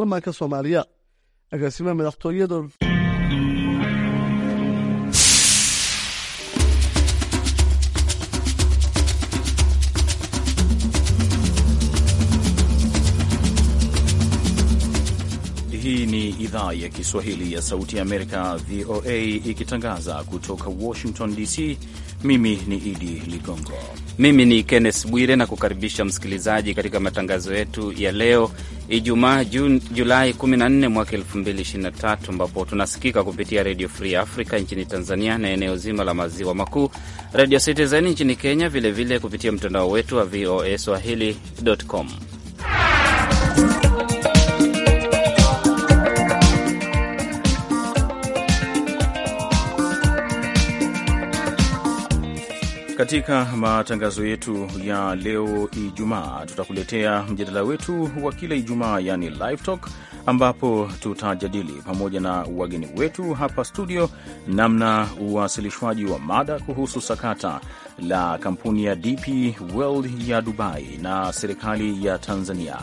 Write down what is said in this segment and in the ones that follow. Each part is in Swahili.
baarlamaanka soomaaliya agaasimaha madaxtooyada Hii ni idhaa ya Kiswahili ya Sauti ya Amerika, VOA, ikitangaza kutoka Washington DC. Mimi ni Idi Ligongo, mimi ni Kenneth Bwire na kukaribisha msikilizaji katika matangazo yetu ya leo Ijumaa Julai 14 mwaka 2023, ambapo tunasikika kupitia Redio Free Africa nchini Tanzania na eneo zima la maziwa makuu, redio Citizen nchini Kenya, vilevile vile kupitia mtandao wetu wa VOA swahili.com Katika matangazo yetu ya leo Ijumaa, tutakuletea mjadala wetu wa kila Ijumaa, yani live talk, ambapo tutajadili pamoja na wageni wetu hapa studio namna uwasilishwaji wa mada kuhusu sakata la kampuni ya DP World ya Dubai na serikali ya Tanzania.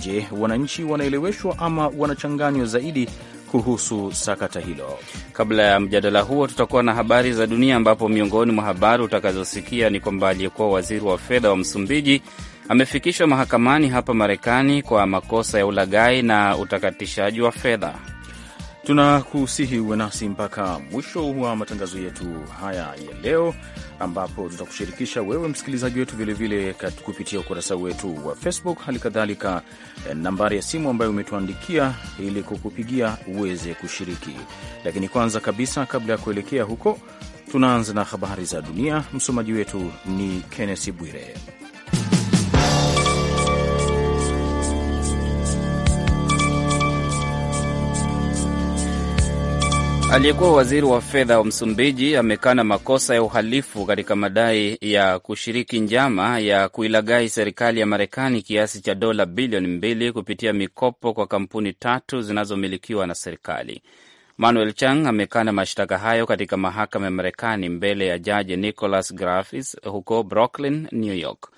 Je, wananchi wanaeleweshwa ama wanachanganywa zaidi kuhusu sakata hilo. Kabla ya mjadala huo, tutakuwa na habari za dunia, ambapo miongoni mwa habari utakazosikia ni kwamba aliyekuwa waziri wa fedha wa Msumbiji amefikishwa mahakamani hapa Marekani kwa makosa ya ulaghai na utakatishaji wa fedha. Tunakusihi uwe nasi mpaka mwisho wa matangazo yetu haya ya leo, ambapo tutakushirikisha wewe msikilizaji wetu vilevile kupitia ukurasa wetu wa Facebook, hali kadhalika eh, nambari ya simu ambayo umetuandikia ili kukupigia uweze kushiriki. Lakini kwanza kabisa, kabla ya kuelekea huko, tunaanza na habari za dunia. Msomaji wetu ni kennesi Bwire. Aliyekuwa waziri wa fedha wa Msumbiji amekana makosa ya uhalifu katika madai ya kushiriki njama ya kuilaghai serikali ya Marekani kiasi cha dola bilioni mbili kupitia mikopo kwa kampuni tatu zinazomilikiwa na serikali. Manuel Chang amekana mashtaka hayo katika mahakama ya Marekani mbele ya jaji Nicholas Grafis huko Brooklyn, New York.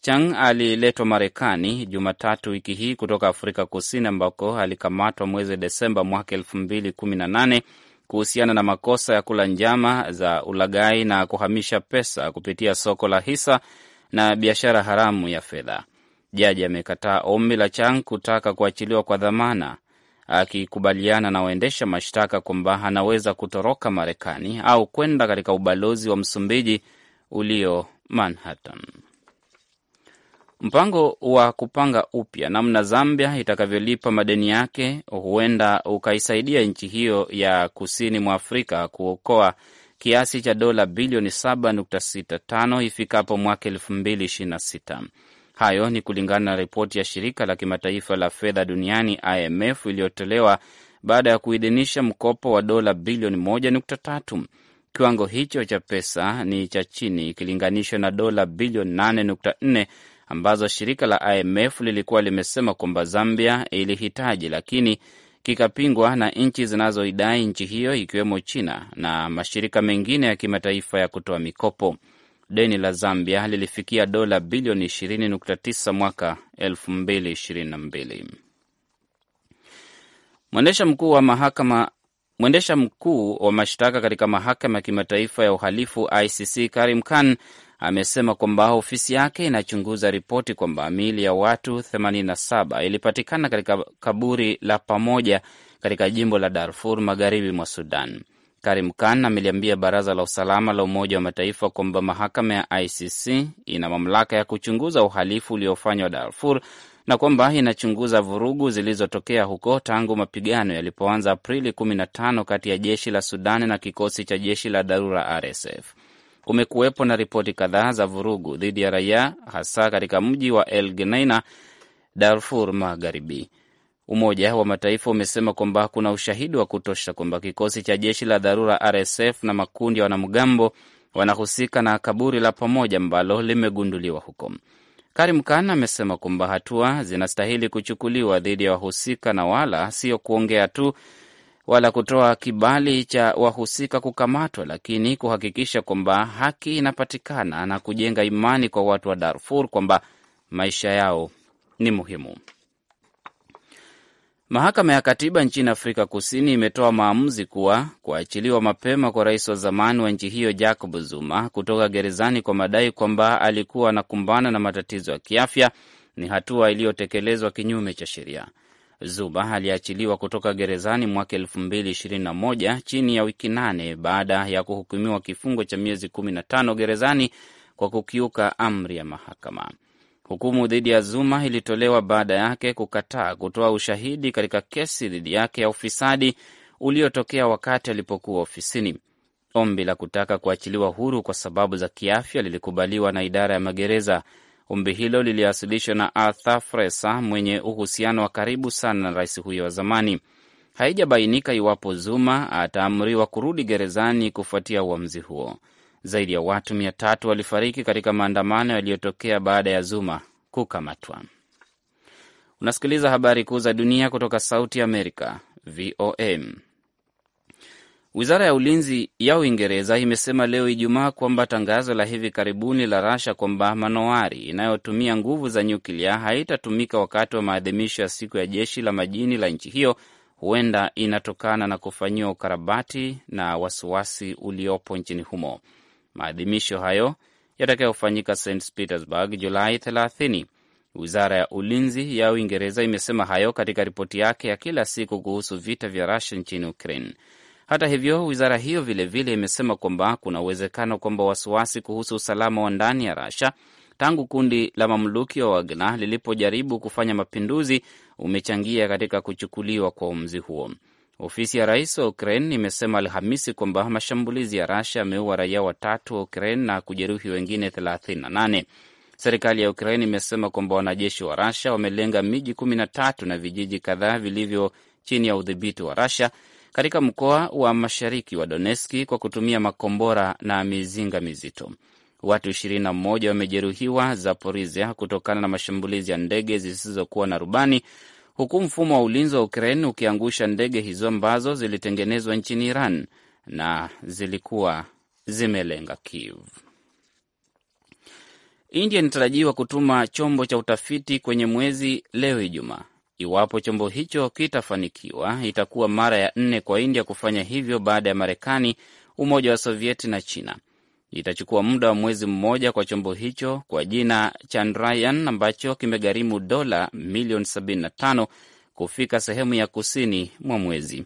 Chang aliletwa Marekani Jumatatu wiki hii kutoka Afrika Kusini ambako alikamatwa mwezi Desemba mwaka elfu mbili kumi na nane kuhusiana na makosa ya kula njama za ulaghai na kuhamisha pesa kupitia soko la hisa na biashara haramu ya fedha. Jaji amekataa ombi la Chang kutaka kuachiliwa kwa dhamana, akikubaliana na waendesha mashtaka kwamba anaweza kutoroka Marekani au kwenda katika ubalozi wa Msumbiji ulio Manhattan. Mpango wa kupanga upya namna Zambia itakavyolipa madeni yake huenda ukaisaidia nchi hiyo ya kusini mwa Afrika kuokoa kiasi cha dola bilioni 7.65 ifikapo mwaka 2026. Hayo ni kulingana na ripoti ya shirika la kimataifa la fedha duniani IMF iliyotolewa baada ya kuidhinisha mkopo wa dola bilioni 1.3. Kiwango hicho cha pesa ni cha chini ikilinganishwa na dola bilioni 8.4 ambazo shirika la IMF lilikuwa limesema kwamba Zambia ilihitaji, lakini kikapingwa na nchi zinazoidai nchi hiyo ikiwemo China na mashirika mengine ya kimataifa ya kutoa mikopo. Deni la Zambia lilifikia dola bilioni 20.9 mwaka 2022. Mwendesha mkuu wa mahakama Mwendesha mkuu wa mashtaka katika mahakama ya kimataifa ya uhalifu ICC Karim Khan amesema kwamba ofisi yake inachunguza ripoti kwamba miili ya watu 87 ilipatikana katika kaburi la pamoja katika jimbo la Darfur magharibi mwa Sudan. Karim Khan ameliambia baraza la usalama la Umoja wa Mataifa kwamba mahakama ya ICC ina mamlaka ya kuchunguza uhalifu uliofanywa Darfur na kwamba inachunguza vurugu zilizotokea huko tangu mapigano yalipoanza Aprili 15 kati ya jeshi la Sudani na kikosi cha jeshi la dharura RSF. Kumekuwepo na ripoti kadhaa za vurugu dhidi ya raia hasa katika mji wa El Geneina, Darfur Magharibi. Umoja wa Mataifa umesema kwamba kuna ushahidi wa kutosha kwamba kikosi cha jeshi la dharura RSF na makundi ya wanamgambo wanahusika na kaburi la pamoja ambalo limegunduliwa huko. Karim Khan amesema kwamba hatua zinastahili kuchukuliwa dhidi ya wahusika na wala sio kuongea tu wala kutoa kibali cha wahusika kukamatwa, lakini kuhakikisha kwamba haki inapatikana na kujenga imani kwa watu wa Darfur kwamba maisha yao ni muhimu. Mahakama ya Katiba nchini Afrika Kusini imetoa maamuzi kuwa kuachiliwa mapema kwa rais wa zamani wa nchi hiyo Jacob Zuma kutoka gerezani kwa madai kwamba alikuwa anakumbana na matatizo ya kiafya ni hatua iliyotekelezwa kinyume cha sheria. Zuma aliachiliwa kutoka gerezani mwaka 221 chini ya wiki nane baada ya kuhukumiwa kifungo cha miezi 15 gerezani kwa kukiuka amri ya mahakama. Hukumu dhidi ya Zuma ilitolewa baada yake kukataa kutoa ushahidi katika kesi dhidi yake ya ufisadi uliotokea wakati alipokuwa ofisini. Ombi la kutaka kuachiliwa huru kwa sababu za kiafya lilikubaliwa na idara ya magereza. Ombi hilo liliwasilishwa na Arthur Fresa mwenye uhusiano wa karibu sana na rais huyo wa zamani. Haijabainika iwapo Zuma ataamriwa kurudi gerezani kufuatia uamuzi huo. Zaidi ya watu mia tatu walifariki katika maandamano yaliyotokea baada ya Zuma kukamatwa. Unasikiliza habari kuu za dunia kutoka Sauti ya Amerika, VOM. Wizara ya ulinzi ya Uingereza imesema leo Ijumaa kwamba tangazo la hivi karibuni la Rasha kwamba manowari inayotumia nguvu za nyuklia haitatumika wakati wa maadhimisho ya siku ya jeshi la majini la nchi hiyo huenda inatokana na kufanyiwa ukarabati na wasiwasi uliopo nchini humo. Maadhimisho hayo yatakayofanyika St Petersburg Julai 30. Wizara ya ulinzi ya Uingereza imesema hayo katika ripoti yake ya kila siku kuhusu vita vya Rusia nchini Ukraine. Hata hivyo, wizara hiyo vilevile vile imesema kwamba kuna uwezekano kwamba wasiwasi kuhusu usalama wa ndani ya Rusia tangu kundi la mamluki wa Wagner lilipojaribu kufanya mapinduzi umechangia katika kuchukuliwa kwa uamuzi huo. Ofisi ya rais wa Ukraine imesema Alhamisi kwamba mashambulizi ya Rasha yameua raia watatu wa Ukraine na kujeruhi wengine 38. Serikali ya Ukraine imesema kwamba wanajeshi wa Rasha wamelenga miji 13 na vijiji kadhaa vilivyo chini ya udhibiti wa rasia katika mkoa wa mashariki wa Donetski kwa kutumia makombora na mizinga mizito. Watu 21 wamejeruhiwa zaporisia kutokana na mashambulizi ya ndege zisizokuwa na rubani huku mfumo wa ulinzi wa Ukraine ukiangusha ndege hizo ambazo zilitengenezwa nchini Iran na zilikuwa zimelenga Kiev. India inatarajiwa kutuma chombo cha utafiti kwenye mwezi leo Ijumaa. Iwapo chombo hicho kitafanikiwa, itakuwa mara ya nne kwa India kufanya hivyo baada ya Marekani, Umoja wa Sovieti na China. Itachukua muda wa mwezi mmoja kwa chombo hicho kwa jina Chandrayaan ambacho kimegharimu dola milioni 75 kufika sehemu ya kusini mwa mwezi.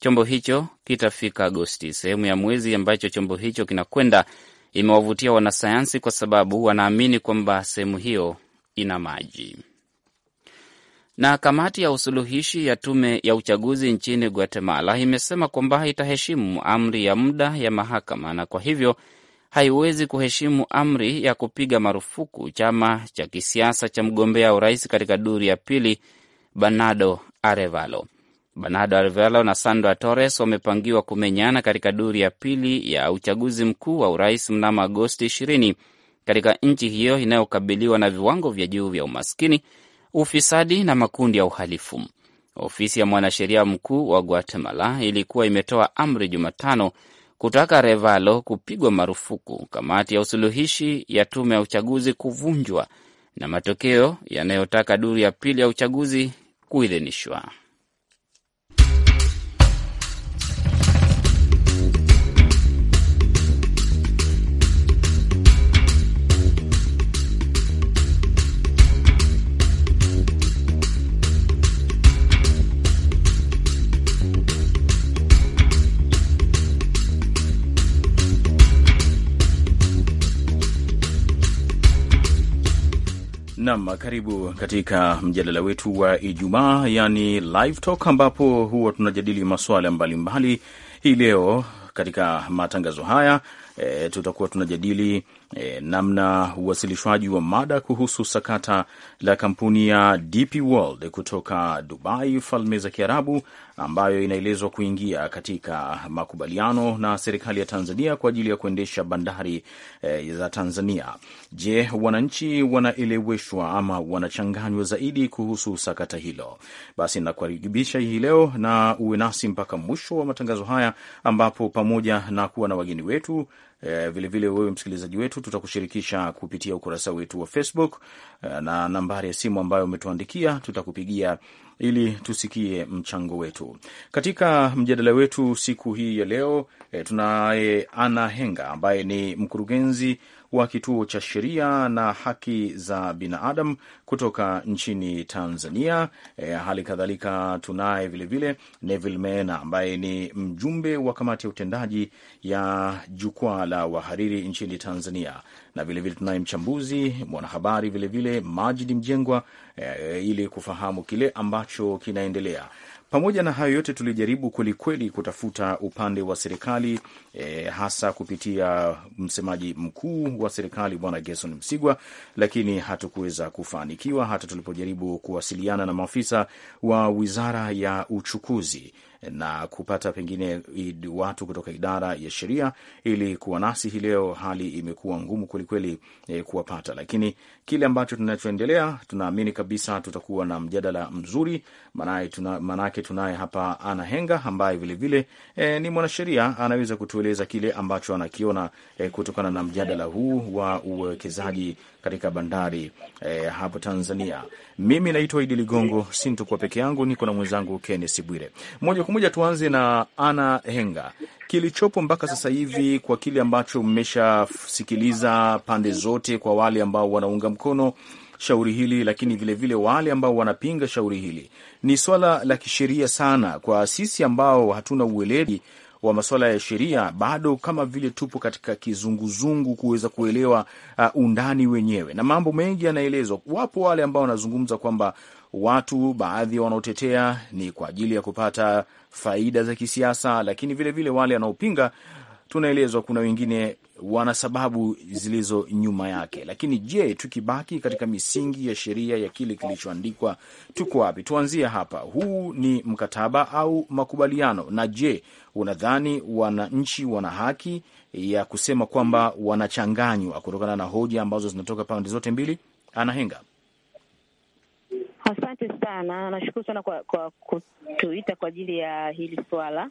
Chombo hicho kitafika Agosti. Sehemu ya mwezi ambacho chombo hicho kinakwenda imewavutia wanasayansi kwa sababu wanaamini kwamba sehemu hiyo ina maji. Na kamati ya usuluhishi ya tume ya uchaguzi nchini Guatemala imesema kwamba itaheshimu amri ya muda ya mahakama na kwa hivyo haiwezi kuheshimu amri ya kupiga marufuku chama cha kisiasa cha mgombea urais katika duru ya pili Bernardo Arevalo. Bernardo Arevalo na Sandra Torres wamepangiwa kumenyana katika duru ya pili ya uchaguzi mkuu wa urais mnamo Agosti 20 katika nchi hiyo inayokabiliwa na viwango vya juu vya umaskini, ufisadi na makundi ya uhalifu. Ofisi ya mwanasheria mkuu wa Guatemala ilikuwa imetoa amri Jumatano kutaka Revalo kupigwa marufuku, kamati ya usuluhishi ya tume ya uchaguzi kuvunjwa na matokeo yanayotaka duru ya pili ya uchaguzi kuidhinishwa. Nam, karibu katika mjadala wetu wa Ijumaa yani live talk, ambapo huwa tunajadili masuala mbalimbali. Hii leo katika matangazo haya e, tutakuwa tunajadili e, namna uwasilishwaji wa mada kuhusu sakata la kampuni ya DP World kutoka Dubai, Falme za Kiarabu, ambayo inaelezwa kuingia katika makubaliano na serikali ya Tanzania kwa ajili ya kuendesha bandari e, za Tanzania. Je, wananchi wanaeleweshwa ama wanachanganywa zaidi kuhusu sakata hilo? Basi nakukaribisha hii leo na uwe nasi mpaka mwisho wa matangazo haya, ambapo pamoja na kuwa na wageni wetu Vilevile eh, vile wewe msikilizaji wetu, tutakushirikisha kupitia ukurasa wetu wa Facebook eh, na nambari ya simu ambayo umetuandikia, tutakupigia ili tusikie mchango wetu katika mjadala wetu siku hii ya leo. Eh, tunaye Ana Henga ambaye ni mkurugenzi wa kituo cha sheria na haki za binadamu kutoka nchini Tanzania. E, hali kadhalika tunaye vilevile Neville Meena ambaye ni mjumbe wa kamati ya utendaji ya jukwaa la wahariri nchini Tanzania, na vilevile tunaye mchambuzi mwanahabari vilevile Majid Mjengwa e, ili kufahamu kile ambacho kinaendelea. Pamoja na hayo yote, tulijaribu kwelikweli kutafuta upande wa serikali e, hasa kupitia msemaji mkuu wa serikali Bwana Gerson Msigwa, lakini hatukuweza kufanikiwa hata tulipojaribu kuwasiliana na maafisa wa wizara ya uchukuzi na kupata pengine watu kutoka idara ya sheria ili kuwa nasi hii leo. Hali imekuwa ngumu kwelikweli eh, kuwapata, lakini kile ambacho tunachoendelea. Tunaamini kabisa tutakuwa na mjadala mzuri, maanake tuna, tunaye hapa Ana Henga ambaye vilevile e, eh, ni mwanasheria anaweza kutueleza kile ambacho anakiona e, kutokana na mjadala huu wa uwekezaji katika bandari e, hapo Tanzania. Mimi naitwa Idi Ligongo, sintokuwa peke yangu, niko na mwenzangu kenes Bwire. Moja kwa moja tuanze na Ana Henga kilichopo mpaka sasa hivi, kwa kile ambacho mmeshasikiliza pande zote, kwa wale ambao wanaunga mkono shauri hili, lakini vilevile vile wale ambao wanapinga shauri hili, ni swala la kisheria sana. Kwa sisi ambao hatuna uweledi wa masuala ya sheria, bado kama vile tupo katika kizunguzungu kuweza kuelewa uh, undani wenyewe, na mambo mengi yanaelezwa. Wapo wale ambao wanazungumza kwamba watu baadhi wanaotetea ni kwa ajili ya kupata faida za kisiasa, lakini vilevile vile wale wanaopinga tunaelezwa kuna wengine wana sababu zilizo nyuma yake. Lakini je, tukibaki katika misingi ya sheria ya kile kilichoandikwa, tuko wapi? Tuanzie hapa. Huu ni mkataba au makubaliano, na je, unadhani wananchi wana haki ya kusema kwamba wanachanganywa kutokana na hoja ambazo zinatoka pande zote mbili? Anahenga Asante sana, nashukuru sana kwa, kwa kutuita kwa ajili ya hili swala.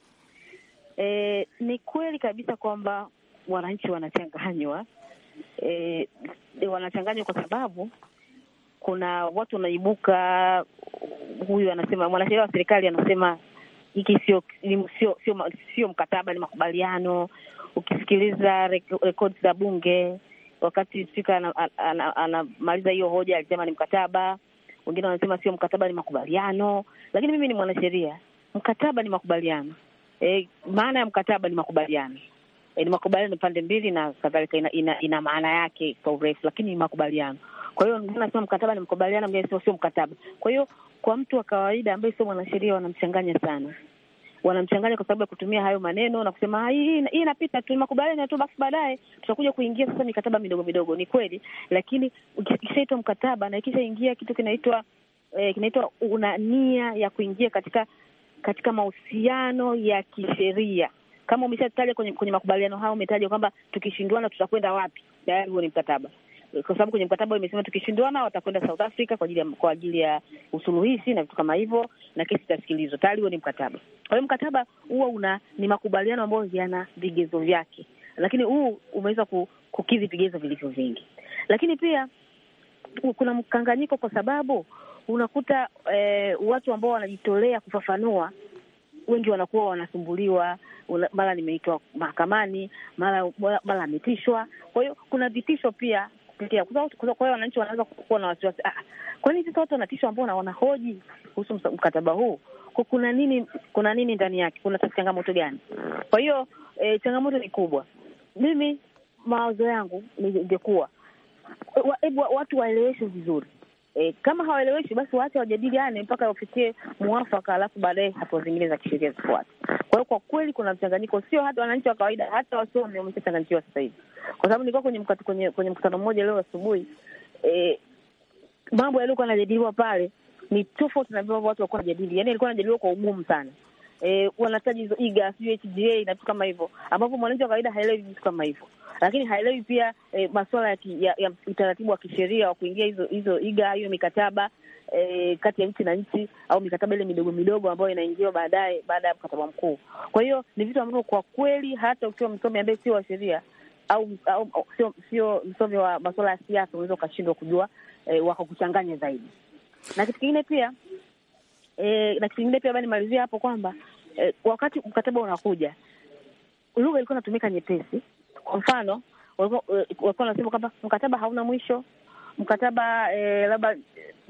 E, ni kweli kabisa kwamba wananchi wanachanganywa, e, wanachanganywa kwa sababu kuna watu wanaibuka, huyu anasema, mwanasheria wa serikali anasema hiki sio sio sio mkataba, ni makubaliano. Ukisikiliza rekodi za Bunge wakati spika anamaliza hiyo hoja, alisema ni mkataba wengine wanasema sio mkataba, ni makubaliano, lakini mimi ni mwanasheria. Mkataba ni makubaliano e, maana ya mkataba ni makubaliano e, ni makubaliano pande mbili na kadhalika, ina, ina, ina maana yake kwa urefu, lakini ni makubaliano. Kwa hiyo mwingine anasema mkataba ni makubaliano, anasema sio mkataba. Kwa hiyo kwa mtu wa kawaida ambaye sio mwanasheria wanamchanganya sana wanamchanganya kwa sababu ya kutumia hayo maneno na kusema ah, hii inapita tu, makubaliano tu, basi baadaye tutakuja kuingia sasa mikataba midogo midogo. Ni kweli, lakini ikishaitwa mkataba na ikishaingia kitu kinaitwa eh, kinaitwa una nia ya kuingia katika katika mahusiano ya kisheria kama umeshataja kwenye, kwenye makubaliano hayo umetaja kwamba tukishindwana tutakwenda wapi, tayari huo ni mkataba kwa sababu kwenye mkataba imesema tukishindwana watakwenda South Africa kwa ajili ya kwa ajili ya usuluhishi na vitu kama hivyo, na kesi itasikilizwa. Tayari huo ni mkataba. Kwa hiyo mkataba huo una ni makubaliano ambayo yana vigezo vyake, lakini huu umeweza kukidhi vigezo vilivyo vingi. Lakini pia kuna mkanganyiko, kwa sababu unakuta eh, watu ambao wanajitolea kufafanua wengi wanakuwa wanasumbuliwa, mara nimeitwa mahakamani, mara mara ametishwa. Kwa hiyo kuna vitisho pia kupitia kwa sababu kwa hiyo wananchi wanaweza kuwa na wasiwasi, ah, kwani sasa watu wanatishwa ambao na wanahoji kuhusu mkataba huu, kwa kuna nini, kuna nini ndani yake, kuna changamoto gani? Kwa hiyo e, changamoto ni kubwa. Mimi mawazo yangu ningekuwa watu waeleweshe vizuri e, kama hawaeleweshi basi waache wajadiliane mpaka wafikie mwafaka, alafu baadaye hatua zingine za kisheria zifuate. Kwa hiyo kwa kweli kuna mchanganyiko, sio hata wananchi wa kawaida, hata wasomi wameshachanganyikiwa sasa hivi, kwa sababu nilikuwa kwenye mkutano kwenye, kwenye mkutano mmoja leo asubuhi e, mambo yaliyokuwa yanajadiliwa pale ni tofauti na vile watu walikuwa wanajadili, yaani ilikuwa inajadiliwa kwa ugumu sana eh, wanataji hizo IGA sijui HGA na vitu kama hivyo, ambapo mwananchi wa kawaida haelewi vitu kama hivyo, lakini haelewi pia eh, masuala ya, ya, ya utaratibu wa kisheria wa kuingia hizo hizo IGA, hiyo mikataba eh, kati ya nchi na nchi au mikataba ile midogo midogo ambayo inaingiwa baadaye baada ya mkataba mkuu. Kwa hiyo ni vitu ambavyo kwa kweli hata ukiwa msomi ambaye sio wa sheria au, au, au sio sio msomi wa masuala ya siasa unaweza ukashindwa kujua eh, wako kuchanganya zaidi. Na kitu kingine pia e, na kingine pia nimalizia hapo kwamba e, wakati mkataba unakuja lugha ilikuwa inatumika nyepesi. Kwa mfano e, walikuwa wanasema kwamba mkataba hauna mwisho, mkataba e, labda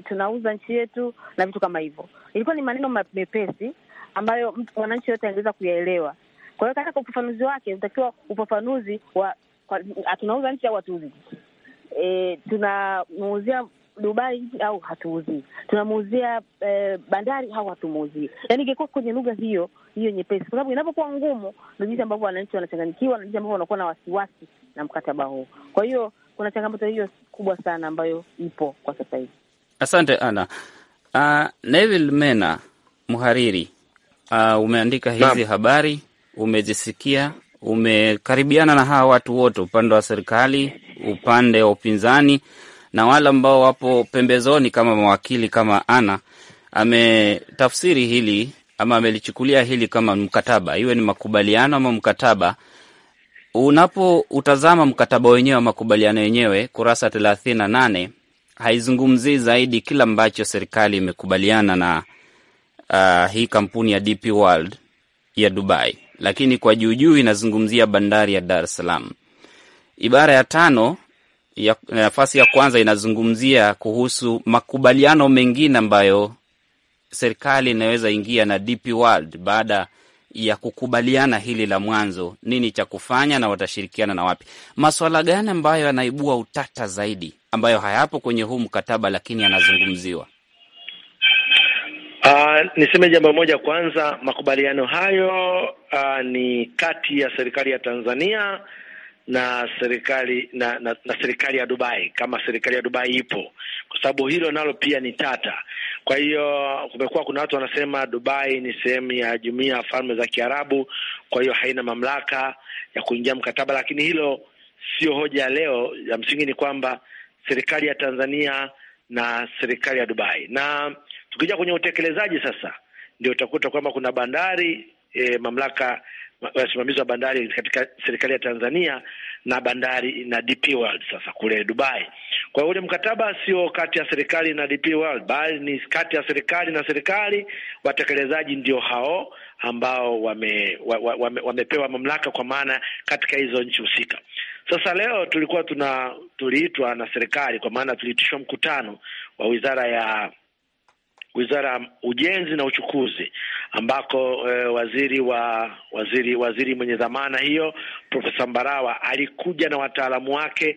tunauza nchi yetu na vitu kama hivyo. Ilikuwa ni maneno mepesi ambayo mwananchi yote angeweza kuyaelewa. Kwa hiyo katika ufafanuzi wake unatakiwa ufafanuzi wa tunauza nchi au hatuuzi e, tunamuuzia Dubai au hatuuzii, tunamuuzia eh, bandari au hatumuuzii. Yani ingekuwa kwenye lugha hiyo hiyo nyepesi, kwa sababu inapokuwa ngumu ndo jinsi ambavyo wananchi wanachanganyikiwa na jinsi ambavyo wanakuwa na wasiwasi na mkataba huu. Kwa hiyo kuna changamoto hiyo kubwa sana ambayo ipo kwa sasa hivi. Asante Ana. Uh, ah, Neville Mena, mhariri uh, umeandika hizi na habari, umezisikia, umekaribiana na hawa watu wote, upande wa serikali, upande wa upinzani na wale ambao wapo pembezoni kama mawakili kama ana ametafsiri hili ama amelichukulia hili kama mkataba, iwe ni makubaliano ama mkataba. Unapoutazama mkataba wenyewe wa makubaliano yenyewe, kurasa thelathini na nane haizungumzii zaidi kile ambacho serikali imekubaliana na uh, hii kampuni ya DP World ya Dubai, lakini kwa juujuu inazungumzia bandari ya Dar es Salaam. Ibara ya tano ya, nafasi ya kwanza inazungumzia kuhusu makubaliano mengine ambayo serikali inaweza ingia na DP World baada ya kukubaliana hili la mwanzo, nini cha kufanya na watashirikiana na wapi? Maswala gani ambayo yanaibua utata zaidi ambayo hayapo kwenye huu mkataba lakini yanazungumziwa? Uh, niseme jambo moja kwanza, makubaliano hayo uh, ni kati ya serikali ya Tanzania na serikali na, na, na serikali ya Dubai kama serikali ya Dubai ipo, kwa sababu hilo nalo pia ni tata. Kwa hiyo kumekuwa kuna watu wanasema Dubai ni sehemu ya Jumuiya ya Falme za Kiarabu, kwa hiyo haina mamlaka ya kuingia mkataba, lakini hilo sio hoja ya leo. Ya msingi ni kwamba serikali ya Tanzania na serikali ya Dubai, na tukija kwenye utekelezaji sasa, ndio utakuta kwamba kuna bandari e, mamlaka wasimamizi wa bandari katika serikali ya Tanzania na bandari na DP World sasa kule Dubai. Kwa hiyo ule mkataba sio kati ya serikali na DP World, bali ni kati ya serikali na serikali. Watekelezaji ndio hao ambao wame, wame, wamepewa mamlaka kwa maana katika hizo nchi husika. Sasa leo tulikuwa tuna tuliitwa na serikali kwa maana tuliitishwa mkutano wa wizara ya wizara ya ujenzi na uchukuzi ambako e, waziri wa waziri waziri mwenye dhamana hiyo Profesa Mbarawa alikuja na wataalamu wake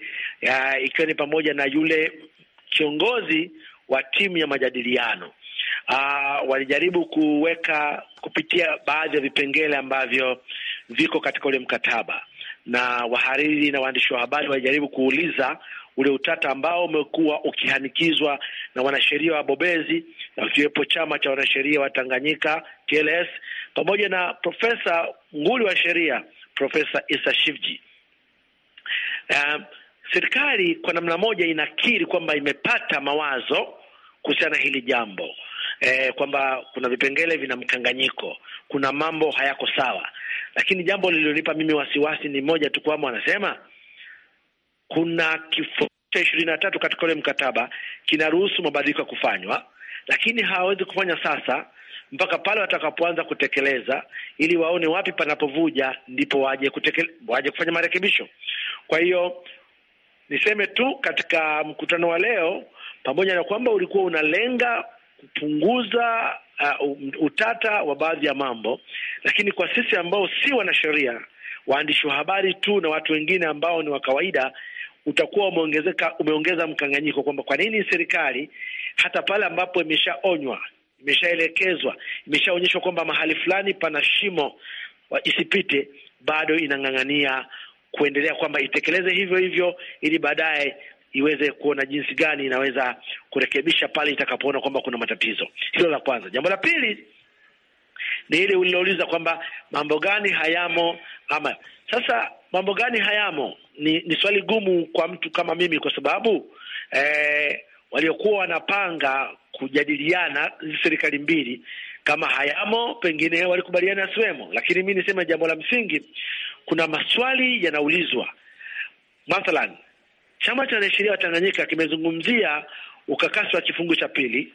ikiwa ni pamoja na yule kiongozi wa timu ya majadiliano. Aa, ah, walijaribu kuweka kupitia baadhi ya vipengele ambavyo viko katika ule mkataba na wahariri na waandishi wa habari walijaribu kuuliza ule utata ambao umekuwa ukihanikizwa na wanasheria wabobezi wakiwepo chama cha wanasheria wa Tanganyika TLS pamoja na profesa nguli wa sheria Profesa Isa Shivji. Uh, serikali kwa namna moja inakiri kwamba imepata mawazo kuhusiana na hili jambo eh, kwamba kuna vipengele vina mkanganyiko, kuna mambo hayako sawa, lakini jambo lililonipa mimi wasiwasi ni moja tu, kwamba wanasema kuna kifungu cha ishirini na tatu katika ule mkataba kinaruhusu mabadiliko ya kufanywa, lakini hawawezi kufanya sasa mpaka pale watakapoanza kutekeleza, ili waone wapi panapovuja, ndipo waje kutekele, waje kufanya marekebisho. Kwa hiyo niseme tu katika mkutano wa leo, pamoja na kwamba ulikuwa unalenga kupunguza uh, um, utata wa baadhi ya mambo, lakini kwa sisi ambao si wanasheria, waandishi wa habari tu na watu wengine ambao ni wa kawaida utakuwa umeongezeka, umeongeza mkanganyiko kwamba kwa nini serikali hata pale ambapo imeshaonywa, imeshaelekezwa, imeshaonyeshwa kwamba mahali fulani pana shimo isipite, bado inang'ang'ania kuendelea kwamba itekeleze hivyo hivyo ili baadaye iweze kuona jinsi gani inaweza kurekebisha pale itakapoona kwamba kuna matatizo. Hilo la kwanza. Jambo la pili ni ile ulilouliza kwamba mambo gani hayamo ama. Sasa mambo gani hayamo? Ni, ni swali gumu kwa mtu kama mimi, kwa sababu eh, waliokuwa wanapanga kujadiliana hizi serikali mbili kama hayamo, pengine walikubaliana yasiwemo. Lakini mi niseme jambo la msingi, kuna maswali yanaulizwa. Mathalan, chama cha wanasheria wa Tanganyika kimezungumzia ukakasi wa kifungu cha pili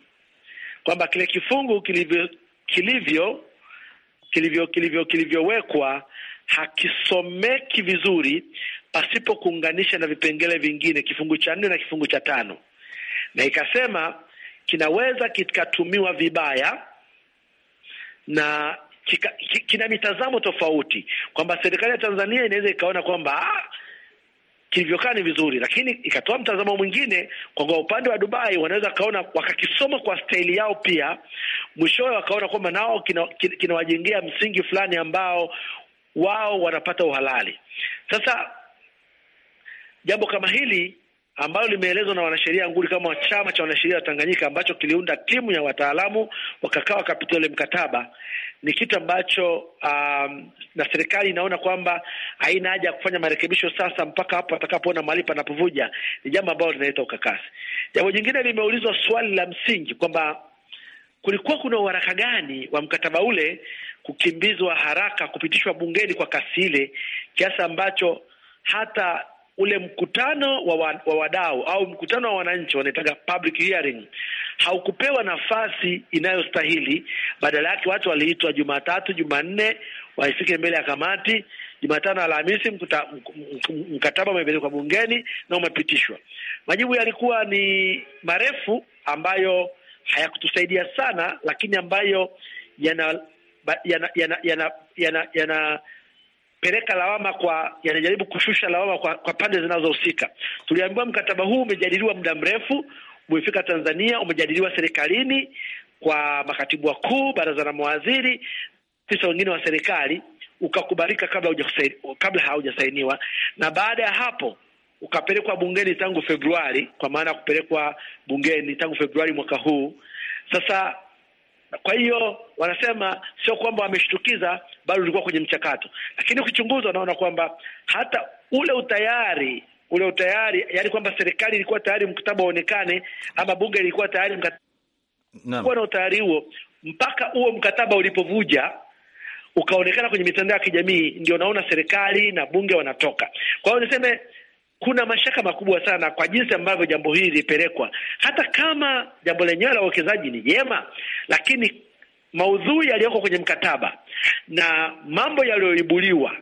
kwamba kile kifungu kilivyo kilivyo kilivyo kilivyowekwa hakisomeki vizuri pasipo kuunganisha na vipengele vingine, kifungu cha nne na kifungu cha tano, na ikasema kinaweza kikatumiwa vibaya na kika, kina mitazamo tofauti, kwamba serikali ya Tanzania inaweza ikaona kwamba ah, kilivyokaa ni vizuri, lakini ikatoa mtazamo mwingine kwamba upande wa Dubai wanaweza kaona wakakisoma kwa staili yao pia, mwishowe wakaona kwamba nao kinawajengea kina, kina msingi fulani ambao wao wanapata uhalali. Sasa jambo kama hili ambalo limeelezwa na wanasheria nguli kama chama cha wanasheria wa Tanganyika ambacho kiliunda timu ya wataalamu wakakaa wakapitia ule mkataba, ni kitu ambacho um, na serikali inaona kwamba haina haja ya kufanya marekebisho sasa mpaka hapo atakapoona mahali panapovuja, ni jambo ambalo linaleta ukakasi. Jambo jingine limeulizwa swali la msingi kwamba kulikuwa kuna uharaka gani wa mkataba ule kukimbizwa haraka, kupitishwa bungeni kwa kasi ile, kiasi ambacho hata ule mkutano wa, wa, wa wadau au mkutano wa wananchi wanaitaga public hearing haukupewa nafasi inayostahili. Badala yake watu waliitwa Jumatatu, Jumanne waifike mbele ya kamati, Jumatano, Alhamisi mkataba umepelekwa bungeni na umepitishwa. Majibu yalikuwa ni marefu ambayo hayakutusaidia sana, lakini ambayo yana yanapeleka lawama kwa, yanajaribu kushusha lawama kwa, kwa pande zinazohusika. Tuliambiwa mkataba huu umejadiliwa muda mrefu, umefika Tanzania, umejadiliwa serikalini kwa makatibu wakuu, baraza la mawaziri, afisa wengine wa serikali, ukakubalika kabla hujasaini, kabla haujasainiwa, na baada ya hapo ukapelekwa bungeni tangu Februari, kwa maana ya kupelekwa bungeni tangu Februari mwaka huu. Sasa kwa hiyo wanasema sio kwamba wameshtukiza, bado ulikuwa kwenye mchakato, lakini ukichunguza unaona kwamba hata ule utayari ule utayari, yani kwamba serikali ilikuwa tayari mkataba uonekane, ama bunge lilikuwa tayari mkataba na utayari huo, mpaka huo mkataba ulipovuja ukaonekana kwenye mitandao ya kijamii, ndio naona serikali na bunge wanatoka. Kwa hiyo niseme kuna mashaka makubwa sana kwa jinsi ambavyo jambo hili lilipelekwa. Hata kama jambo lenyewe la uwekezaji ni jema, lakini maudhui yaliyoko kwenye mkataba na mambo yaliyoibuliwa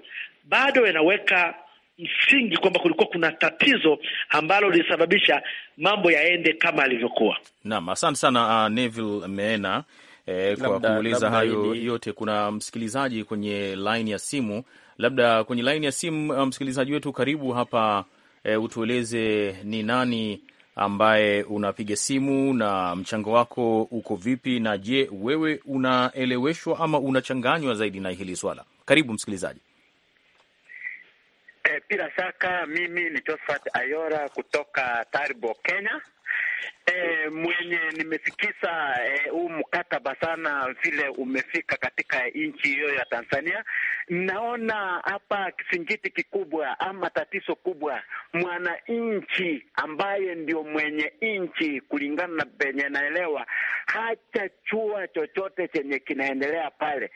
bado yanaweka msingi kwamba kulikuwa kuna tatizo ambalo lilisababisha mambo yaende kama alivyokuwa. Naam, asante sana uh, Neville Meena eh, kwa kuuliza hayo yote. Kuna msikilizaji kwenye laini ya simu, labda kwenye laini ya simu, uh, msikilizaji wetu, karibu hapa e, utueleze ni nani ambaye unapiga simu na mchango wako uko vipi, na je, wewe unaeleweshwa ama unachanganywa zaidi na hili swala? Karibu msikilizaji. E, bila shaka mimi ni Josephat Ayora kutoka Taribo, Kenya e, mwenye nimefikisa eh, huu e, mkataba sana vile umefika katika nchi hiyo ya Tanzania. Naona hapa kisingiti kikubwa ama tatizo kubwa, mwananchi ambaye ndio mwenye nchi, kulingana na penye naelewa, chua chochote chenye kinaendelea pale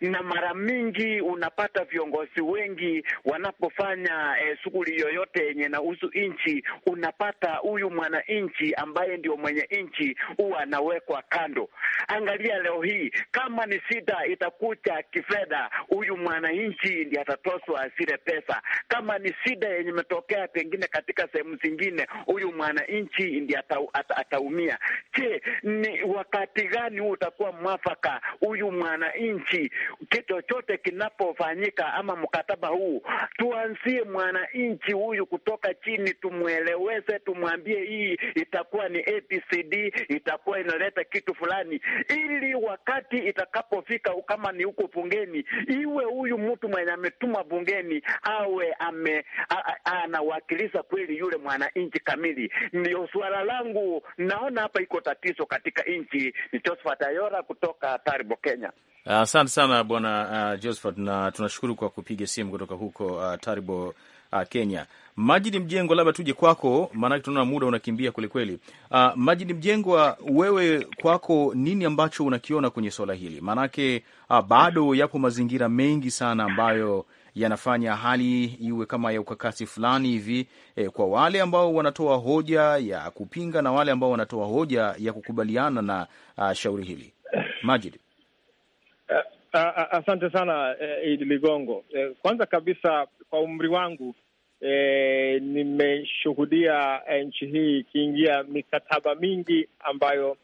na mara mingi unapata viongozi wengi wanapofanya eh, shughuli yoyote yenye nahusu nchi, unapata huyu mwananchi ambaye ndio mwenye nchi huwa anawekwa kando. Angalia leo hii, kama ni shida itakuja kifedha, huyu mwananchi ndiye atatoswa zile pesa. Kama ni shida yenye imetokea pengine katika sehemu zingine, huyu mwananchi ndiye ataumia. Je, ni wakati gani huu utakuwa mwafaka huyu mwananchi kitu chochote kinapofanyika ama mkataba huu, tuanzie mwananchi huyu kutoka chini, tumweleweze, tumwambie hii itakuwa ni ABCD, itakuwa inaleta kitu fulani, ili wakati itakapofika kama ni huko bungeni, iwe huyu mtu mwenye ametuma bungeni awe ame anawakilisha kweli yule mwananchi kamili. Ndio suala langu, naona hapa iko tatizo katika nchi. Ni Josephat Ayora kutoka Taribo, Kenya. Asante uh, sana bwana uh, Josephat, na tunashukuru kwa kupiga simu kutoka huko uh, Taribo uh, Kenya. Majidi Mjengo, labda tuje kwako, maanake tunaona muda unakimbia kwelikweli. Uh, Majidi Mjengwa, wewe kwako nini ambacho unakiona kwenye swala hili? Maanake uh, bado yapo mazingira mengi sana ambayo yanafanya hali iwe kama ya ukakasi fulani hivi e, kwa wale ambao wanatoa hoja ya kupinga na wale ambao wanatoa hoja ya kukubaliana na uh, shauri hili Majid. Asante sana eh, Idi Ligongo. Eh, kwanza kabisa kwa umri wangu eh, nimeshuhudia eh, nchi hii ikiingia mikataba mingi ambayo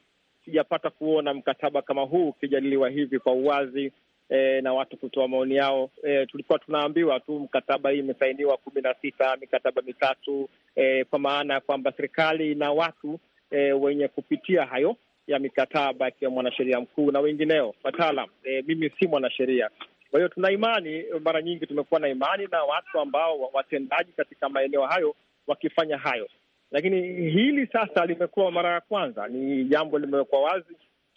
sijapata kuona mkataba kama huu ukijadiliwa hivi kwa uwazi eh, na watu kutoa maoni yao. Eh, tulikuwa tunaambiwa tu mkataba hii imesainiwa kumi na sita mikataba mitatu eh, kwa maana ya kwamba serikali na watu eh, wenye kupitia hayo ya mikataba akiwa mwanasheria mkuu na wengineo wataalam. E, mimi si mwanasheria, kwa hiyo tuna imani, mara nyingi tumekuwa na imani na watu ambao watendaji katika maeneo hayo wakifanya hayo, lakini hili sasa limekuwa mara ya kwanza, ni jambo limewekwa wazi,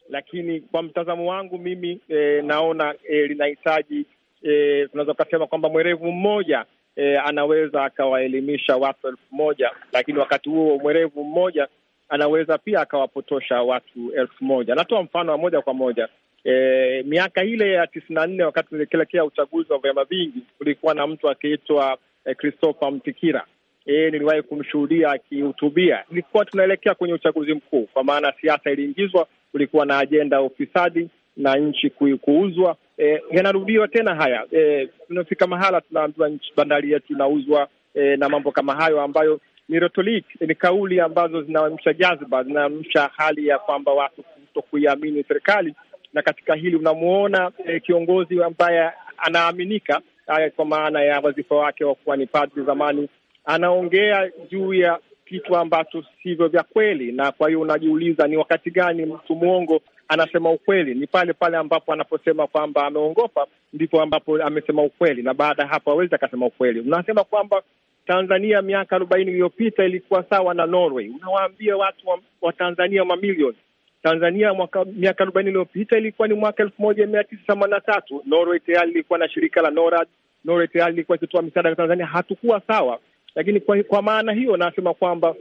lakini kwa mtazamo wangu mimi e, naona e, linahitaji e, tunaweza ukasema kwamba mwerevu mmoja E, anaweza akawaelimisha watu elfu moja lakini wakati huo mwerevu mmoja anaweza pia akawapotosha watu elfu moja. Natoa mfano wa moja kwa moja. E, miaka ile ya tisini na nne wakati nilielekea uchaguzi wa vyama vingi, kulikuwa na mtu akiitwa e, Christopher Mtikira. E, niliwahi kumshuhudia akihutubia. Ilikuwa tunaelekea kwenye uchaguzi mkuu, kwa maana siasa iliingizwa, kulikuwa na ajenda ya ufisadi na nchi kuuzwa. E, yanarudiwa tena haya. E, tunafika mahala tunaambiwa bandari yetu inauzwa, e, na mambo kama hayo ambayo ni ni kauli ambazo zinaamsha jazba, zinaamsha hali ya kwamba watu kutokuiamini serikali. Na katika hili unamwona e, eh, kiongozi ambaye anaaminika eh, kwa maana ya wazifa wake wa kuwa ni padri zamani, anaongea juu ya kitu ambacho sivyo vya kweli, na kwa hiyo unajiuliza ni wakati gani mtu mwongo anasema ukweli? Ni pale pale ambapo anaposema kwamba ameongopa, ndipo ambapo amesema ukweli, na baada ya hapo awezi akasema ukweli. Unasema kwamba Tanzania miaka arobaini iliyopita ilikuwa sawa na Norway. Unawaambia watu wa, wa Tanzania mamilioni. Tanzania mwaka, miaka arobaini iliyopita ilikuwa ni mwaka elfu moja mia tisa themanini na tatu. Norway tayari ilikuwa na shirika la NORAD. Norway tayari ilikuwa ikitoa misaada kwa Tanzania. Hatukuwa sawa, lakini kwa, kwa maana hiyo nasema kwamba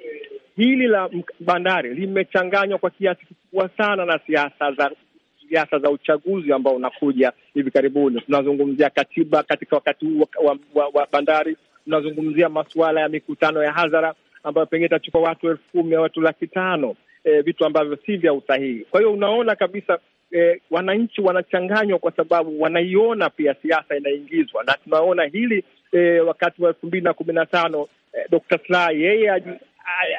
hili la bandari limechanganywa kwa kiasi kikubwa sana na siasa za siasa za uchaguzi ambao unakuja hivi karibuni. Tunazungumzia katiba katika wakati huu wa, wa, wa bandari tunazungumzia masuala ya mikutano ya hadhara ambayo pengine itachukua watu elfu kumi au watu laki tano e, vitu ambavyo si vya usahihi. Kwa hiyo unaona kabisa e, wananchi wanachanganywa kwa sababu wanaiona pia siasa inaingizwa, na tunaona hili e, wakati wa elfu mbili na kumi na tano e, Dr. Slaa yeye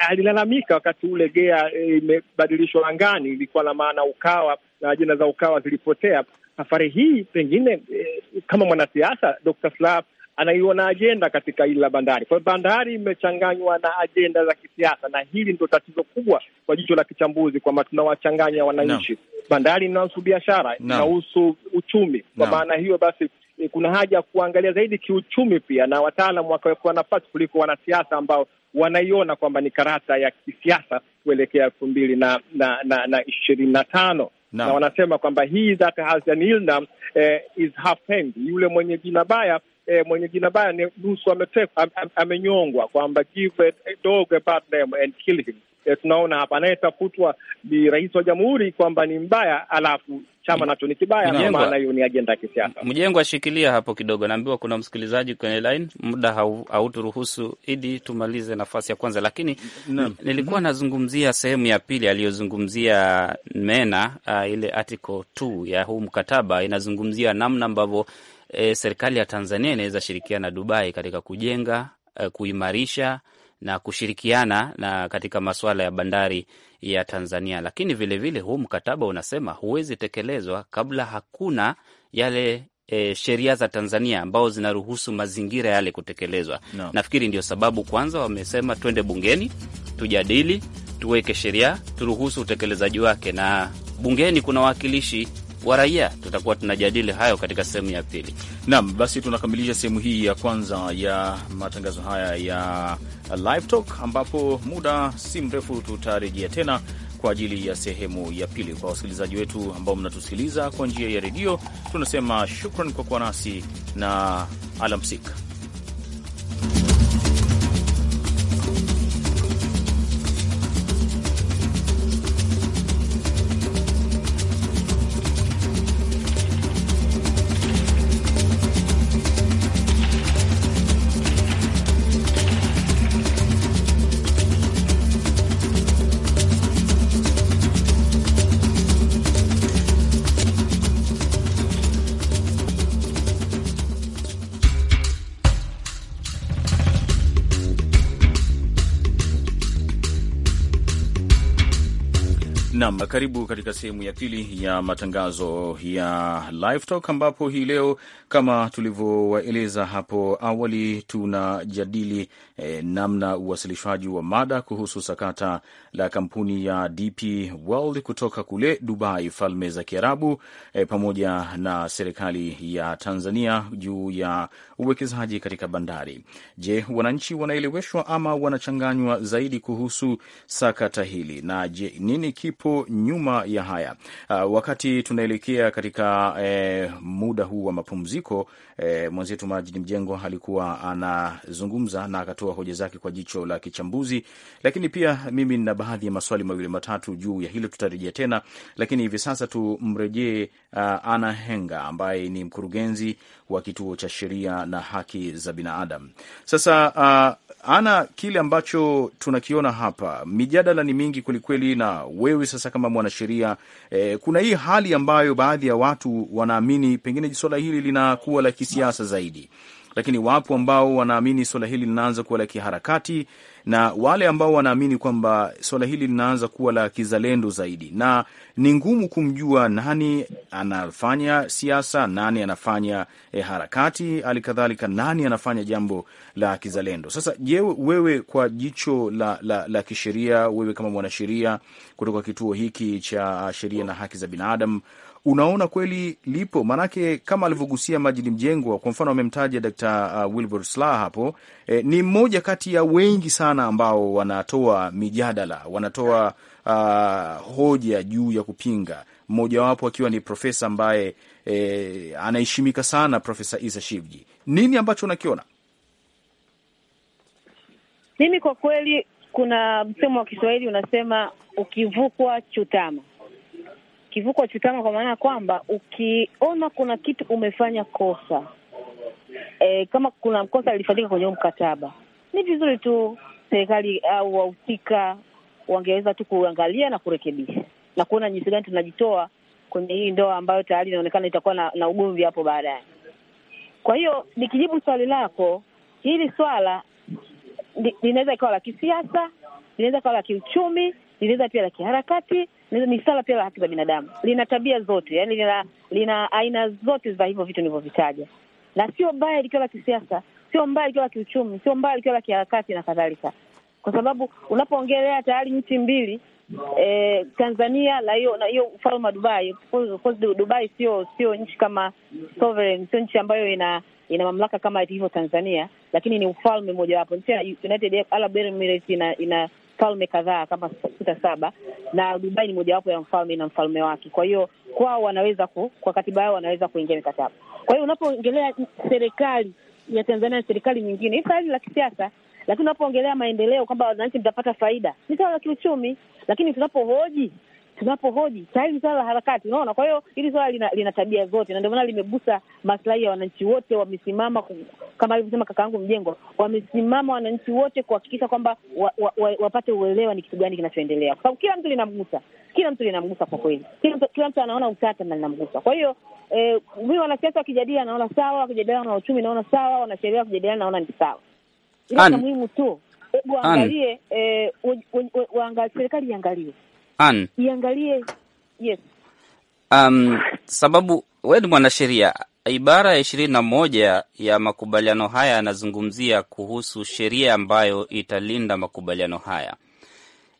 alilalamika wakati ule GEA e, imebadilishwa e, angani, ilikuwa na maana UKAWA na ajenda za UKAWA zilipotea. Safari hii pengine e, kama mwanasiasa Dr. Slaa anaiona ajenda katika ili la bandari. Kwa hiyo bandari imechanganywa na ajenda za kisiasa, na hili ndio tatizo kubwa kwa jicho la kichambuzi, kwamba tunawachanganya wananchi no. Bandari inahusu biashara no. inahusu uchumi no. Kwa maana hiyo basi e, kuna haja ya kuangalia zaidi kiuchumi pia, na wataalamu wakawekwa nafasi kuliko wanasiasa ambao wanaiona kwamba ni karata ya kisiasa kuelekea elfu mbili na na na, na ishirini na tano na, na wanasema kwamba hii that has an illness, eh, is half hanged. Yule mwenye jina baya eh, mwenye jina baya ni Lusu ametekwa, am, am, amenyongwa, kwamba give a eh, dog a bad name and kill him. Eh, tunaona hapa anayetafutwa ni rais wa jamhuri kwamba ni mbaya, alafu chama nacho ni kibaya, na maana hiyo ni ajenda ya kisiasa. Mjengo ashikilia hapo kidogo, naambiwa kuna msikilizaji kwenye line, muda hauturuhusu idi tumalize nafasi ya kwanza, lakini no. nilikuwa nazungumzia sehemu ya pili aliyozungumzia Mena uh, ile article 2 ya huu mkataba inazungumzia namna ambavyo e, serikali ya Tanzania inaweza shirikiana na Dubai katika kujenga e, kuimarisha na kushirikiana na katika masuala ya bandari ya Tanzania. Lakini vilevile vile huu mkataba unasema huwezi tekelezwa kabla hakuna yale E, sheria za Tanzania ambao zinaruhusu mazingira yale kutekelezwa no. Nafikiri ndio sababu kwanza wamesema twende bungeni tujadili, tuweke sheria, turuhusu utekelezaji wake, na bungeni kuna wawakilishi wa raia. Tutakuwa tunajadili hayo katika sehemu ya pili. Naam, basi tunakamilisha sehemu hii ya kwanza ya matangazo haya ya Live Talk, ambapo muda si mrefu tutarejea tena kwa ajili ya sehemu ya pili. Kwa wasikilizaji wetu ambao mnatusikiliza kwa njia ya redio, tunasema shukran kwa kuwa nasi na alamsika. Nam, karibu katika sehemu ya pili ya matangazo ya Live Talk, ambapo hii leo kama tulivyowaeleza hapo awali tunajadili eh, namna uwasilishwaji wa mada kuhusu sakata la kampuni ya DP World kutoka kule Dubai, Falme za Kiarabu, eh, pamoja na serikali ya Tanzania juu ya uwekezaji katika bandari. Je, wananchi wanaeleweshwa ama wanachanganywa zaidi kuhusu sakata hili? Na je, nini kipo nyuma ya haya. Uh, wakati tunaelekea katika eh, muda huu wa mapumziko eh, mwenzetu majini Mjengo alikuwa anazungumza na akatoa hoja zake kwa jicho la kichambuzi, lakini pia mimi nina baadhi ya maswali mawili matatu juu ya hilo, tutarejea tena, lakini hivi sasa tumrejee uh, Anna Henga ambaye ni mkurugenzi wa kituo cha sheria na haki za binadamu. Sasa uh, Ana, kile ambacho tunakiona hapa, mijadala ni mingi kwelikweli, na wewe sasa kama mwanasheria eh, kuna hii hali ambayo baadhi ya watu wanaamini pengine swala hili linakuwa la kisiasa zaidi, lakini wapo ambao wanaamini swala hili linaanza kuwa la kiharakati na wale ambao wanaamini kwamba swala hili linaanza kuwa la kizalendo zaidi, na ni ngumu kumjua nani anafanya siasa, nani anafanya eh, harakati, hali kadhalika nani anafanya jambo la kizalendo. Sasa je, wewe kwa jicho la, la, la kisheria, wewe kama mwanasheria kutoka kituo hiki cha sheria na haki za binadamu unaona kweli lipo? Maanake kama alivyogusia Majidi Mjengwa, kwa mfano amemtaja Dkt. Uh, Wilbur Sla hapo e, ni mmoja kati ya wengi sana ambao wanatoa mijadala, wanatoa uh, hoja juu ya kupinga, mmojawapo akiwa ni profesa ambaye e, anaheshimika sana, Profesa Isa Shivji. Nini ambacho unakiona? Mimi kwa kweli, kuna msemo wa Kiswahili unasema ukivukwa chutama kivuko chutama, kwa maana ya kwamba ukiona kuna kitu umefanya kosa e, kama kuna kosa lilifanyika kwenye huu mkataba, ni vizuri tu serikali au wahusika wangeweza tu kuangalia na kurekebisha na kuona jinsi gani tunajitoa kwenye hii ndoa ambayo tayari inaonekana itakuwa na, na ugomvi hapo baadaye. Kwa hiyo nikijibu swali lako, hili swala linaweza ikawa la kisiasa, linaweza ikawa la kiuchumi, linaweza pia la kiharakati ni swala pia la haki za binadamu, lina tabia zote, yani lina, lina aina zote za hivyo vitu nilivyovitaja, na sio mbaya likiwa la kisiasa, sio mbaya likiwa la kiuchumi, sio mbaya likiwa la kiharakati na kadhalika, kwa sababu unapoongelea tayari nchi mbili E, Tanzania na hiyo na hiyo ufalme wa Dubai. Of course Dubai sio sio nchi kama sovereign, sio nchi ambayo ina ina mamlaka kama ilivyo Tanzania, lakini ni ufalme mojawapo. Nchi ya United Arab Emirates ina ina falme kadhaa kama sita saba, na Dubai ni mojawapo ya mfalme na mfalme wake. Kwa hiyo kwao wanaweza ku, kwa katiba yao wanaweza kuingia mikataba. Kwa hiyo unapoongelea serikali ya Tanzania na serikali nyingine, hii swali la kisiasa, lakini unapoongelea maendeleo kwamba wananchi mtapata faida, ni swala la kiuchumi, lakini tunapohoji tunapohoji tayari ni swala la harakati, unaona. Kwa hiyo hili swala lina, lina tabia zote, na ndio maana limegusa maslahi ya wananchi wote. Wamesimama kama alivyosema kaka yangu Mjengo, wamesimama wananchi wote kuhakikisha kwamba wa, wa, wa, wapate uelewa ni kitu gani kinachoendelea, kwa sababu kila mtu linamgusa, kila mtu linamgusa kwa kweli, kila kila mtu anaona utata na linamgusa. Kwa hiyo eh, mi wanasiasa wakijadili naona sawa, wakijadiliana na uchumi naona sawa, wanasheria wakijadiliana naona ni sawa, ila muhimu tu hebu waangalie, eh, serikali iangalie An. Iangalie yes. Um, sababu wewe ni mwanasheria, ibara ya ishirini na moja ya makubaliano haya yanazungumzia kuhusu sheria ambayo italinda makubaliano haya.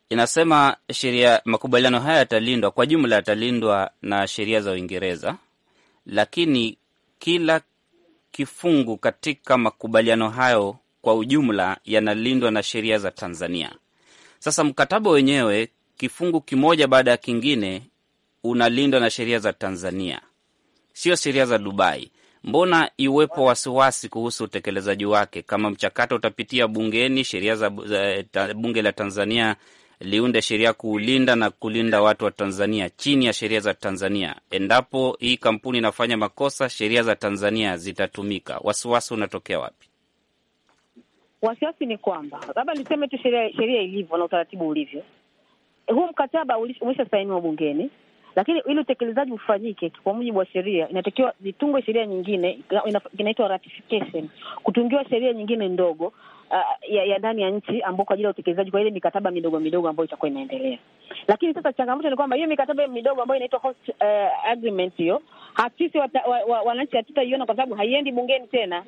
Inasema sheria makubaliano haya yatalindwa kwa jumla, yatalindwa na sheria za Uingereza, lakini kila kifungu katika makubaliano hayo kwa ujumla yanalindwa na sheria za Tanzania. Sasa mkataba wenyewe kifungu kimoja baada ya kingine unalindwa na sheria za Tanzania, sio sheria za Dubai. Mbona iwepo wasiwasi kuhusu utekelezaji wake? Kama mchakato utapitia bungeni, sheria za bunge la Tanzania liunde sheria kuulinda na kulinda watu wa Tanzania chini ya sheria za Tanzania. Endapo hii kampuni inafanya makosa, sheria za Tanzania zitatumika. Wasiwasi unatokea wapi? Wasiwasi ni kwamba labda niseme tu sheria ilivyo na utaratibu ulivyo huu mkataba umeshasainiwa bungeni, lakini ili utekelezaji ufanyike kwa mujibu wa sheria, inatakiwa zitungwe sheria nyingine, inaitwa ratification, kutungiwa sheria nyingine ndogo Uh, ya, ya ndani ya nchi ambao kwa ajili ya utekelezaji kwa ile mikataba midogo midogo ambayo itakuwa inaendelea. Lakini sasa changamoto ni kwamba hiyo mikataba midogo ambayo inaitwa host uh, agreement hiyo sisi wananchi wa, hatutaiona kwa sababu haiendi bungeni tena.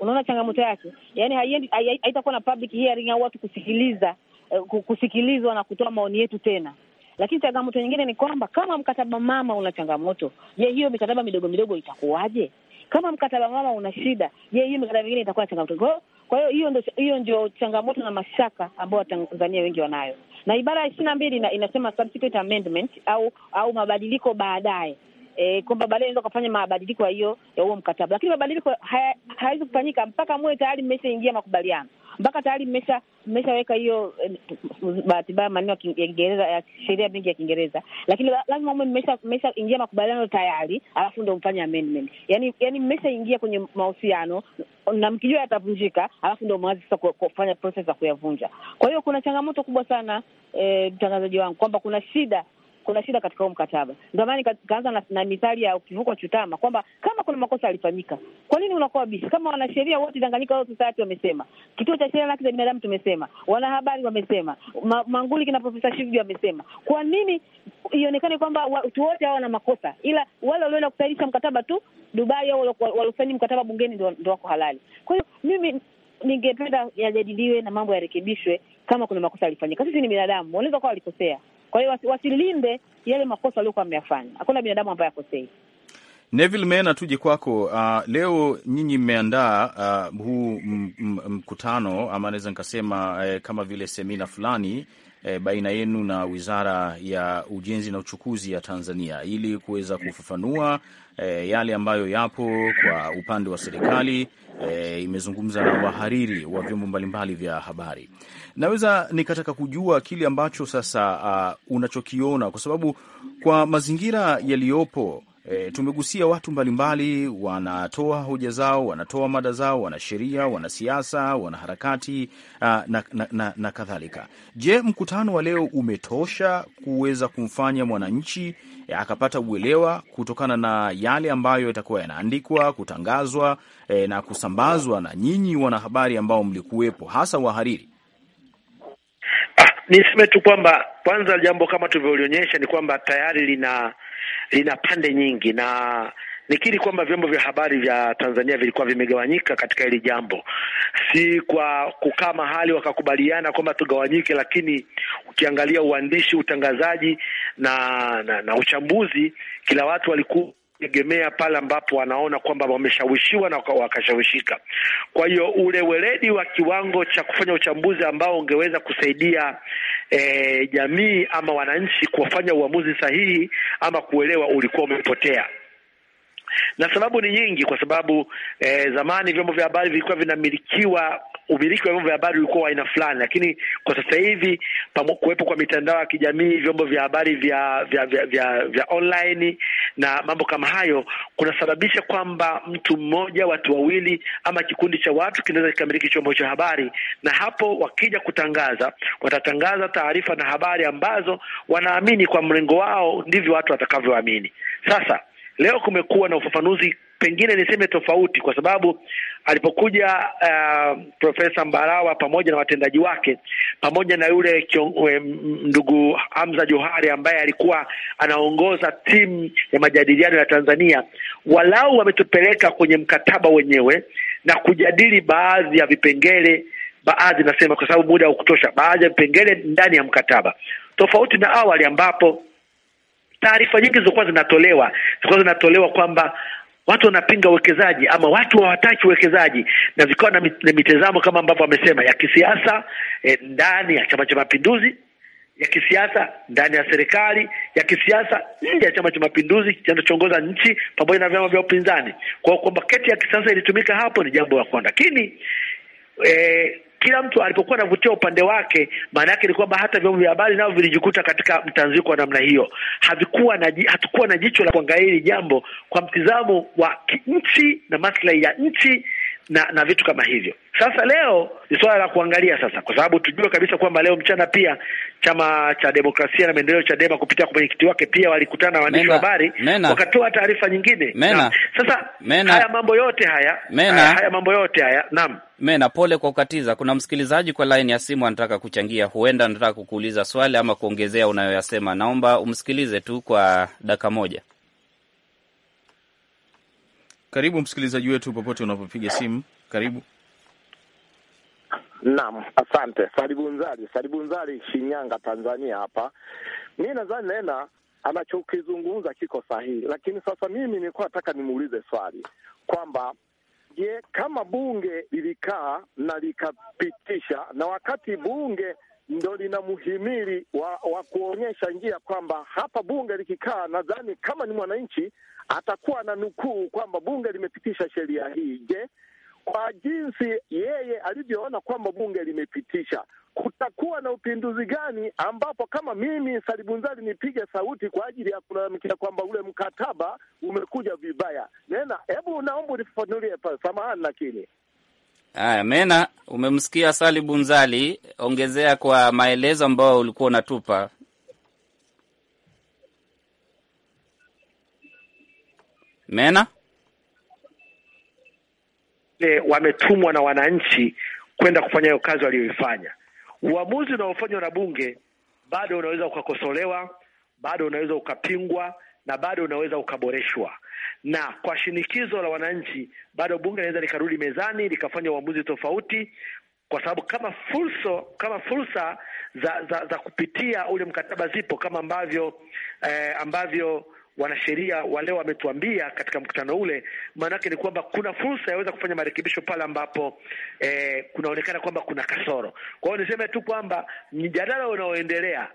Unaona changamoto yake, yaani haiendi, haitakuwa na public hearing au watu kusikiliza Eh, kusikilizwa na kutoa maoni yetu tena. Lakini changamoto nyingine ni kwamba kama mkataba mama una changamoto, je, hiyo mikataba midogo midogo itakuwaje? Kama mkataba mama una shida, je, hiyo mikataba mingine itakuwa changamoto? Kwa hiyo kwa hiyo hiyo ndio hiyo ndio changamoto na mashaka ambayo Watanzania wengi wanayo, na ibara ya ishirini na mbili inasema subsequent amendment au au mabadiliko baadaye e, kwamba baadaye naweza kufanya mabadiliko ya hiyo ya huo mkataba, lakini mabadiliko hayawezi haya kufanyika mpaka muwe tayari mmeshaingia makubaliano, mpaka tayari mmesha mmeshaweka hiyo eh, bahati mbaya maneno ya Kiingereza ya sheria mingi ya Kiingereza, lakini lazima mwe ingia makubaliano tayari, alafu ndo mfanye amendment. Yani yani mmesha ingia kwenye mahusiano na mkijua yatavunjika, alafu ndo mwanze sasa kufanya process ya kuyavunja. Kwa hiyo kuna changamoto kubwa sana eh, mtangazaji eh, wangu kwamba kuna shida kuna shida katika huo mkataba. Ndio maana nikaanza na, na mithali ya ukivuka chutama kwamba kama kuna makosa yalifanyika, kwa nini unakuwa bishi? Kama wanasheria wote Tanganyika Law Society wamesema, kituo cha sheria na haki za binadamu tumesema, wanahabari wamesema, ma, Manguli kina Profesa Shivji wamesema, kwa nini ionekane kwamba watu wote hawa wana makosa, ila wale walioenda kusahilisha mkataba tu Dubai au waliosaini mkataba bungeni ndio wako halali? Kwa hiyo mimi ningependa yajadiliwe na mambo yarekebishwe kama kuna makosa yalifanyika. Sisi ni binadamu, wanaweza kuwa walikosea. Kwa hiyo wasilimbe yale makosa waliokuwa wameyafanya. Hakuna binadamu ambaye akosei. Neville Mena, tuje kwako. Uh, leo nyinyi mmeandaa uh, huu mkutano ama naweza nikasema uh, kama vile semina fulani e, baina yenu na Wizara ya Ujenzi na Uchukuzi ya Tanzania ili kuweza kufafanua e, yale ambayo yapo kwa upande wa serikali. E, imezungumza na wahariri wa vyombo mbalimbali vya habari. Naweza nikataka kujua kile ambacho sasa uh, unachokiona kwa sababu kwa mazingira yaliyopo E, tumegusia watu mbalimbali, wanatoa hoja zao, wanatoa mada zao, wanasheria, wanasiasa, wanaharakati na, na, na, na kadhalika. Je, mkutano wa leo umetosha kuweza kumfanya mwananchi e, akapata uelewa kutokana na yale ambayo yatakuwa yanaandikwa, kutangazwa e, na kusambazwa na nyinyi wanahabari ambao mlikuwepo, hasa wahariri? Ah, niseme tu kwamba kwanza jambo kama tulivyolionyesha ni kwamba tayari lina lina pande nyingi, na nikiri kwamba vyombo vya habari vya Tanzania vilikuwa vimegawanyika katika hili jambo, si kwa kukaa mahali wakakubaliana kwamba tugawanyike, lakini ukiangalia uandishi, utangazaji na na, na uchambuzi, kila watu walikuwa kutegemea pale ambapo wanaona kwamba wameshawishiwa na wakashawishika. Kwa hiyo ule weledi wa kiwango cha kufanya uchambuzi ambao ungeweza kusaidia e, jamii ama wananchi kufanya uamuzi sahihi ama kuelewa ulikuwa umepotea na sababu ni nyingi, kwa sababu e, zamani vyombo vya habari vilikuwa vinamilikiwa umiliki wa vyombo vya habari ulikuwa aina fulani, lakini kwa sasa hivi kuwepo kwa mitandao ya kijamii, vyombo vya habari vya vya, vya, vya vya online na mambo kama hayo kunasababisha kwamba mtu mmoja, watu wawili, ama kikundi cha watu kinaweza kikamiliki chombo cha habari, na hapo wakija kutangaza, watatangaza taarifa na habari ambazo wanaamini kwa mrengo wao ndivyo watu watakavyoamini. Sasa leo kumekuwa na ufafanuzi pengine niseme tofauti, kwa sababu alipokuja uh, Profesa Mbarawa pamoja na watendaji wake pamoja na yule ndugu Hamza Johari ambaye alikuwa anaongoza timu ya majadiliano ya Tanzania, walau wametupeleka kwenye mkataba wenyewe na kujadili baadhi ya vipengele, baadhi nasema kwa sababu muda wa kutosha, baadhi ya vipengele ndani ya mkataba, tofauti na awali ambapo taarifa nyingi zilikuwa zinatolewa zilikuwa zinatolewa kwamba watu wanapinga uwekezaji ama watu hawataki uwekezaji, na vikawa na mitazamo kama ambavyo wamesema ya kisiasa eh, ndani ya Chama cha Mapinduzi, ya kisiasa ndani ya serikali, ya kisiasa nje ya Chama cha Mapinduzi kinachoongoza nchi pamoja na vyama vya upinzani. Kwa kwamba keti ya kisiasa ilitumika hapo ni jambo la kwanza, lakini eh, kila mtu alipokuwa anavutia upande wake, maana yake ni kwamba hata vyombo vya habari navyo vilijikuta katika mtanziko wa namna hiyo. Havikuwa na hatukuwa na jicho la kuangalia hili jambo kwa mtizamo wa nchi na maslahi ya nchi na na vitu kama hivyo. Sasa leo ni suala la kuangalia sasa, kwa sababu tujue kabisa kwamba leo mchana pia chama cha demokrasia na maendeleo Chadema kupitia kwa mwenyekiti wake pia walikutana na waandishi wa habari wakatoa taarifa nyingine mena. Na, sasa mena. haya mambo yote haya mena. haya mambo yote haya naam Mena, pole kwa kukatiza. Kuna msikilizaji kwa laini ya simu anataka kuchangia, huenda anataka kukuuliza swali ama kuongezea unayoyasema. Naomba umsikilize tu kwa dakika moja. Karibu msikilizaji wetu, popote unapopiga simu, karibu. Naam, asante Salibunzali, Salibunzali, Shinyanga, Tanzania. Hapa mi nadhani nena anachokizungumza kiko sahihi, lakini sasa mimi nilikuwa nataka nimuulize swali kwamba je, kama bunge lilikaa na likapitisha, na wakati bunge ndo lina muhimili wa, wa kuonyesha njia kwamba hapa bunge likikaa, nadhani kama ni mwananchi atakuwa na nukuu kwamba bunge limepitisha sheria hii. Je, kwa jinsi yeye alivyoona kwamba bunge limepitisha kutakuwa na upinduzi gani ambapo kama mimi Salibunzali nipige sauti kwa ajili ya kulalamikia kwamba ule mkataba umekuja vibaya. Nena, hebu naomba unifafanulie pale, samahani lakini. aya Mena, umemsikia Bunzali, ongezea kwa maelezo ambayo ulikuwa unatupa. Mena wengine wametumwa na wananchi kwenda kufanya hiyo kazi waliyoifanya. Uamuzi unaofanywa na bunge bado unaweza ukakosolewa, bado unaweza ukapingwa na bado unaweza ukaboreshwa, na kwa shinikizo la wananchi, bado bunge linaweza likarudi mezani likafanya uamuzi tofauti, kwa sababu kama fursa kama fursa za, za za kupitia ule mkataba zipo kama ambavyo eh, ambavyo wanasheria wale wametuambia katika mkutano ule, maanake ni kwamba kuna fursa yaweza kufanya marekebisho pale ambapo eh, kunaonekana kwamba kuna kasoro. Kwa hiyo niseme tu kwamba mjadala unaoendelea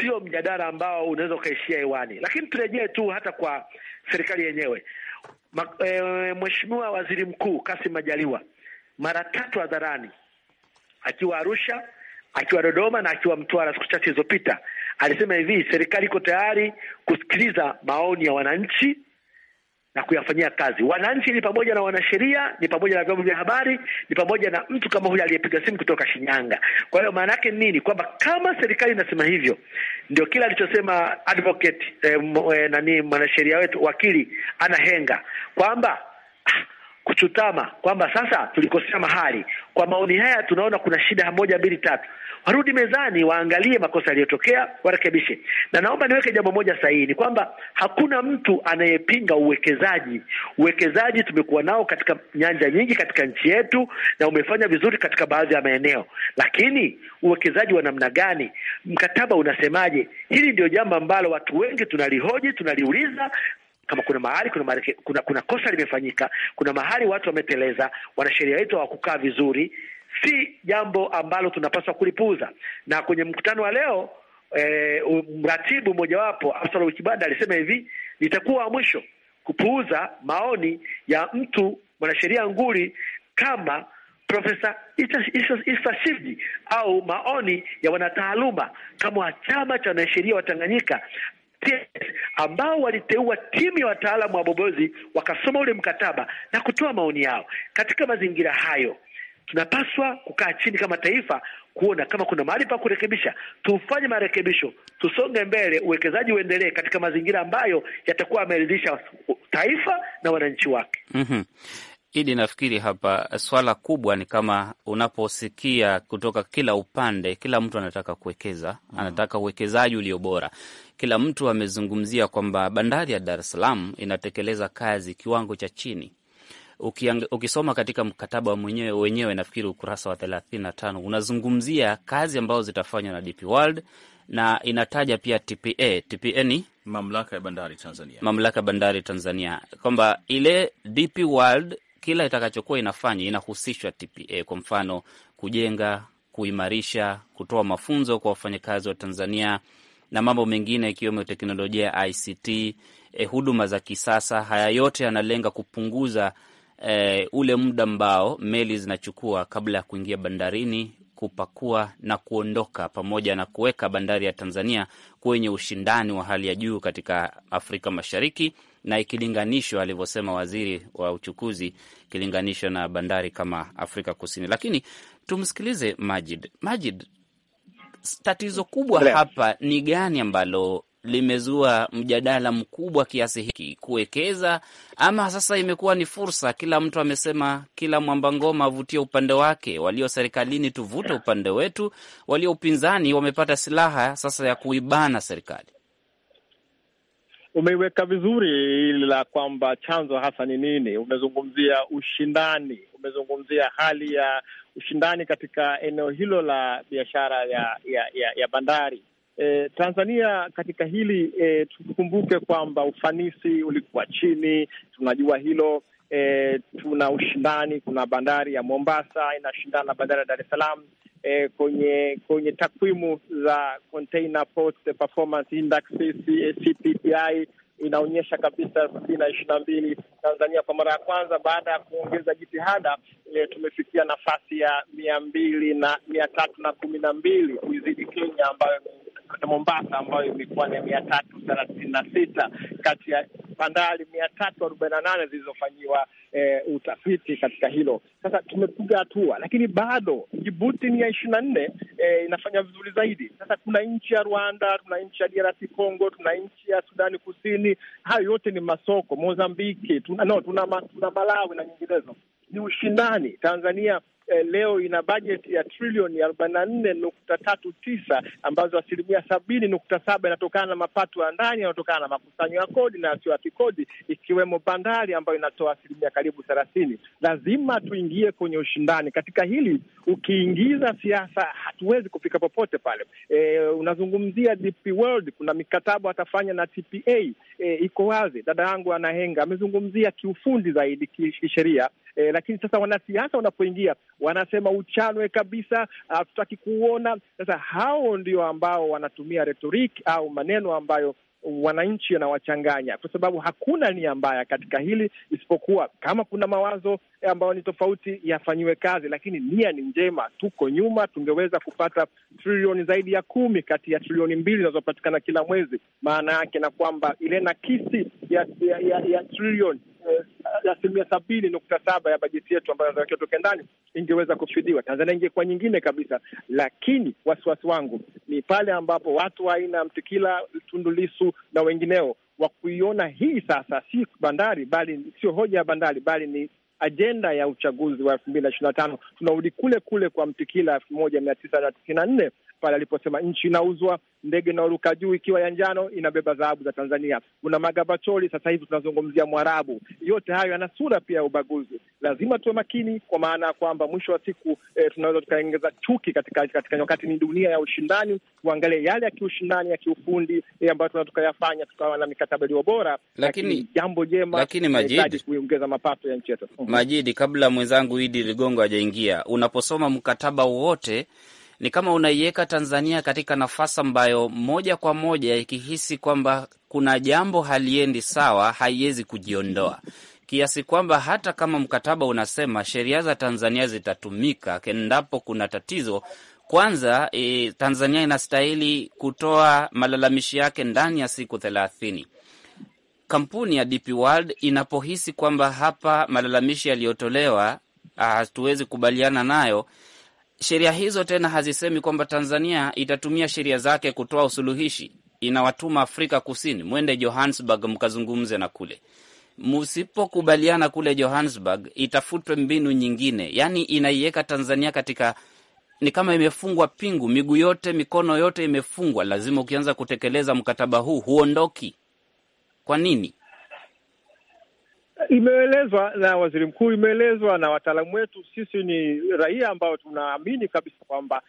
sio mjadala ambao unaweza ukaishia hewani, lakini turejee tu hata kwa serikali yenyewe. E, Mheshimiwa Waziri Mkuu Kassim Majaliwa mara tatu hadharani akiwa Arusha, akiwa Dodoma na akiwa Mtwara siku chache zilizopita Alisema hivi, serikali iko tayari kusikiliza maoni ya wananchi na kuyafanyia kazi. Wananchi ni pamoja na wanasheria, ni pamoja na vyombo vya habari, ni pamoja na mtu kama huyu aliyepiga simu kutoka Shinyanga. Kwa hiyo maana yake nini? Kwamba kama serikali inasema hivyo, ndio kila alichosema advocate eh, eh nani mwanasheria wetu wakili ana henga kwamba ah, kuchutama kwamba sasa tulikosea mahali, kwa maoni haya tunaona kuna shida moja mbili tatu. Warudi mezani, waangalie makosa yaliyotokea, warekebishe. Na naomba niweke jambo moja sahihi, ni kwamba hakuna mtu anayepinga uwekezaji. Uwekezaji tumekuwa nao katika nyanja nyingi katika nchi yetu, na umefanya vizuri katika baadhi ya maeneo, lakini uwekezaji wa namna gani? Mkataba unasemaje? Hili ndio jambo ambalo watu wengi tunalihoji, tunaliuliza kama kuna mahali kuna, mahali, kuna, kuna kosa limefanyika, kuna mahali watu wameteleza, wanasheria wetu hawakukaa vizuri, si jambo ambalo tunapaswa kulipuuza. Na kwenye mkutano wa leo e, mratibu mmojawapo Absalom Kibanda alisema hivi, nitakuwa wa mwisho kupuuza maoni ya mtu mwanasheria nguli kama Profesa Issa Shivji au maoni ya wanataaluma kama wa chama cha wanasheria wa Tanganyika ambao waliteua timu ya wataalamu wa bobozi wakasoma ule mkataba na kutoa maoni yao. Katika mazingira hayo, tunapaswa kukaa chini kama taifa kuona kama kuna mahali pa kurekebisha, tufanye marekebisho, tusonge mbele, uwekezaji uendelee katika mazingira ambayo yatakuwa yameridhisha taifa na wananchi wake. mm -hmm. Idi, nafikiri hapa swala kubwa ni kama unaposikia kutoka kila upande, kila mtu anataka kuwekeza, mm. anataka uwekezaji ulio bora. Kila mtu amezungumzia kwamba bandari ya Dar es Salaam inatekeleza kazi kiwango cha chini. Ukiang, ukisoma katika mkataba mwenyewe wenyewe nafikiri ukurasa wa thelathini na tano unazungumzia kazi ambazo zitafanywa na DP World na inataja pia TPA. TPA ni mamlaka ya bandari Tanzania, mamlaka ya bandari Tanzania, kwamba ile DP World kila itakachokuwa inafanya inahusishwa TPA, eh, kwa mfano kujenga, kuimarisha, kutoa mafunzo kwa wafanyakazi wa Tanzania na mambo mengine ikiwemo teknolojia ya ICT, eh, huduma za kisasa. Haya yote yanalenga kupunguza eh, ule muda ambao meli zinachukua kabla ya kuingia bandarini kupakua na kuondoka, pamoja na kuweka bandari ya Tanzania kwenye ushindani wa hali ya juu katika Afrika Mashariki na ikilinganishwa, alivyosema waziri wa uchukuzi, ikilinganishwa na bandari kama Afrika Kusini. Lakini tumsikilize Majid. Majid, tatizo kubwa Lea, hapa ni gani ambalo limezua mjadala mkubwa kiasi hiki kuwekeza, ama sasa imekuwa ni fursa? Kila mtu amesema, kila mwamba ngoma avutie upande wake. Walio serikalini tuvute upande wetu, walio upinzani wamepata silaha sasa ya kuibana serikali umeiweka vizuri, ili la kwamba chanzo hasa ni nini. Umezungumzia ushindani, umezungumzia hali ya ushindani katika eneo hilo la biashara ya, ya, ya, ya bandari. E, Tanzania katika hili e, tukumbuke kwamba ufanisi ulikuwa chini, tunajua hilo. E, tuna ushindani, kuna bandari ya Mombasa inashindana na bandari ya Dar es Salaam eh, kwenye kwenye takwimu za Container Port Performance Index CPPI inaonyesha kabisa elfu mbili na ishirini na mbili Tanzania kwa mara ya kwanza baada ya kuongeza jitihada eh, tumefikia nafasi ya mia mbili na mia tatu na kumi na mbili kuizidi Kenya ambayo ni Mombasa ambayo imekuwa ni mia tatu thelathini na sita kati ya bandari mia tatu arobaini na nane zilizofanyiwa e, utafiti katika hilo. Sasa tumepiga hatua, lakini bado Jibuti ni ya ishirini na nne eh, inafanya vizuri zaidi. Sasa kuna nchi ya Rwanda, tuna nchi ya DRC Congo, tuna nchi ya Sudani Kusini. Hayo yote ni masoko. Mozambiki tuna, no, tuna, tuna Malawi na nyinginezo. Ni ushindani. Tanzania eh, leo ina bajeti ya trilioni arobaini na nne nukta tatu tisa ambazo asilimia sabini nukta saba inatokana na mapato ya ndani yanayotokana na makusanyo ya kodi na yasiyo ya kikodi, ikiwemo bandari ambayo inatoa asilimia karibu thelathini. Lazima tuingie kwenye ushindani katika hili. Ukiingiza siasa, hatuwezi kufika popote pale. Eh, unazungumzia DP World, kuna mikataba watafanya na TPA eh, iko wazi. Dada yangu Anahenga amezungumzia kiufundi zaidi kisheria e, lakini sasa wanasiasa wanapoingia wanasema uchanwe kabisa, hatutaki kuona. Sasa hao ndio ambao wanatumia retorik au maneno ambayo wananchi anawachanganya kwa sababu hakuna nia mbaya katika hili, isipokuwa kama kuna mawazo eh, ambayo ni tofauti yafanyiwe kazi, lakini nia ni njema. Tuko nyuma, tungeweza kupata trilioni zaidi ya kumi kati ya trilioni mbili zinazopatikana kila mwezi. Maana yake na kwamba ile nakisi ya, ya, ya, ya trilioni Eh, asilimia sabini nukta saba ya bajeti yetu ambayo inatakiwa ndani ingeweza kufidiwa, Tanzania ingekuwa nyingine kabisa. Lakini wasiwasi wangu ni pale ambapo watu wa aina ya Mtikila, Tundulisu na wengineo wa kuiona hii sasa si bandari, bali sio hoja ya bandari, bali ni ajenda ya uchaguzi wa elfu mbili na ishirini na tano tunarudi kule kule kwa Mtikila elfu moja mia tisa na tisini na nne pale aliposema nchi inauzwa, ndege inaoruka juu ikiwa ya njano inabeba dhahabu za Tanzania. Kuna Magabacholi, sasa hivi tunazungumzia Mwarabu. Yote hayo yana sura pia ya ubaguzi. Lazima tuwe makini, kwa maana ya kwamba mwisho wa siku e, tunaweza tukaengeza chuki katika katika nyakati. Ni dunia ya ushindani, tuangalie yale ya kiushindani ya kiufundi e, ambayo tunaweza tukayafanya, tukawa na mikataba iliyo bora, lakini, lakini jambo jema, lakini Majidi, kuongeza mapato ya nchi yetu. Majidi, kabla mwenzangu Idi Ligongo hajaingia, unaposoma mkataba wote ni kama unaiweka Tanzania katika nafasi ambayo moja kwa moja ikihisi kwamba kuna jambo haliendi sawa, haiwezi kujiondoa kiasi kwamba hata kama mkataba unasema sheria za Tanzania zitatumika endapo kuna tatizo. Kwanza e, Tanzania inastahili kutoa malalamishi yake ndani ya siku thelathini. Kampuni ya DP World inapohisi kwamba hapa malalamishi yaliyotolewa ah, hatuwezi kubaliana nayo, sheria hizo tena hazisemi kwamba Tanzania itatumia sheria zake kutoa usuluhishi. Inawatuma Afrika Kusini, mwende Johannesburg mkazungumze na kule. Msipokubaliana kule Johannesburg, itafutwe mbinu nyingine. Yaani inaiweka Tanzania katika ni kama imefungwa pingu, miguu yote, mikono yote imefungwa. Lazima ukianza kutekeleza mkataba huu huondoki. Kwa nini? Imeelezwa na waziri mkuu, imeelezwa na wataalamu wetu. Sisi ni raia ambao tunaamini kabisa kwamba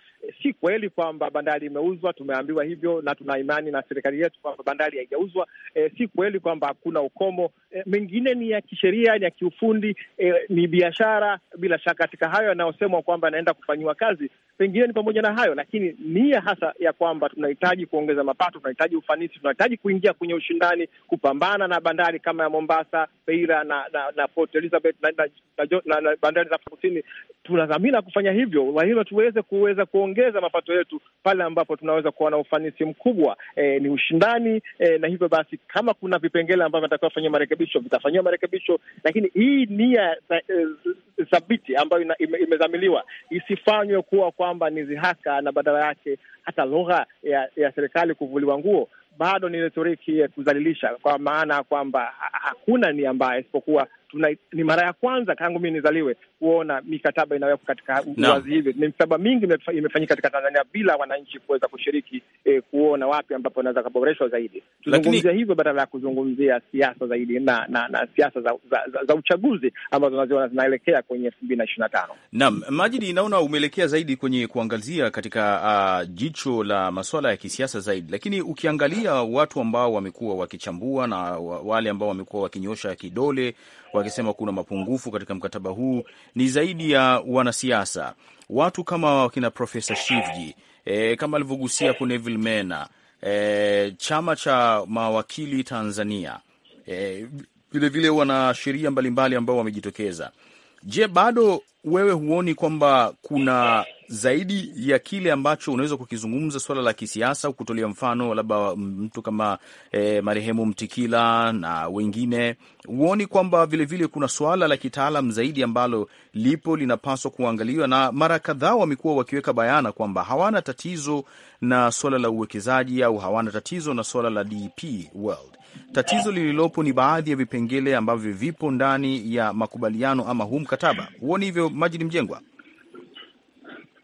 si kweli kwamba bandari imeuzwa. Tumeambiwa hivyo na tuna imani na serikali yetu kwamba bandari haijauzwa. E, si kweli kwamba hakuna ukomo. E, mengine ni ya kisheria, ni ya kiufundi, e, ni biashara. Bila shaka katika hayo yanayosemwa kwamba yanaenda kufanyiwa kazi, pengine ni pamoja na hayo, lakini nia hasa ya kwamba tunahitaji kuongeza mapato, tunahitaji ufanisi, tunahitaji kuingia kwenye ushindani, kupambana na bandari kama ya Mombasa, Beira na, na, na Port Elizabeth na, na, na, na na bandari za Afrika Kusini. Tunadhamira kufanya hivyo, wahilo tuweze kuweza kuongeza kuongeza mapato yetu pale ambapo tunaweza kuwa na ufanisi mkubwa. E, ni ushindani e, na hivyo basi, kama kuna vipengele ambavyo vinatakiwa fanyiwa marekebisho vitafanyiwa marekebisho, lakini hii nia e, thabiti ambayo ime, isifanywe kuwa kwamba ni zihaka na badala yake hata lugha ya, ya serikali kuvuliwa nguo bado ni retoriki ya kwa maana ya kwamba hakuna nia mbaya isipokuwa tuna, ni mara ya kwanza tangu mimi nizaliwe kuona mikataba inawekwa katika wazi Ni Mikataba mingi imefanyika katika Tanzania bila wananchi kuweza kushiriki eh, kuona wapi ambapo inaweza kaboreshwa zaidi. Tuzungumzia hivyo badala ya kuzungumzia siasa zaidi na na, na siasa za, za, za, za uchaguzi ambazo naziona zinaelekea kwenye elfu mbili na ishirini na tano. Naam, Majidi, inaona umeelekea zaidi kwenye kuangazia katika uh, jicho la masuala ya kisiasa zaidi, lakini ukiangalia watu ambao wamekuwa wakichambua na wale ambao wamekuwa wakinyosha kidole wakisema kuna mapungufu katika mkataba huu. Ni zaidi ya wanasiasa, watu kama wakina Profesa Shivji, e, kama alivyogusia Neville Mena, e, chama cha mawakili Tanzania, e, vilevile wanasheria mbalimbali ambao wamejitokeza Je, bado wewe huoni kwamba kuna zaidi ya kile ambacho unaweza kukizungumza suala la kisiasa, kutolea mfano labda mtu kama e, marehemu Mtikila na wengine, huoni kwamba vilevile kuna suala la kitaalam zaidi ambalo lipo linapaswa kuangaliwa? Na mara kadhaa wamekuwa wakiweka bayana kwamba hawana tatizo na suala la uwekezaji au hawana tatizo na suala la DP World Tatizo lililopo ni baadhi ya vipengele ambavyo vipo ndani ya makubaliano ama huu mkataba. Huoni hivyo, Majid Mjengwa?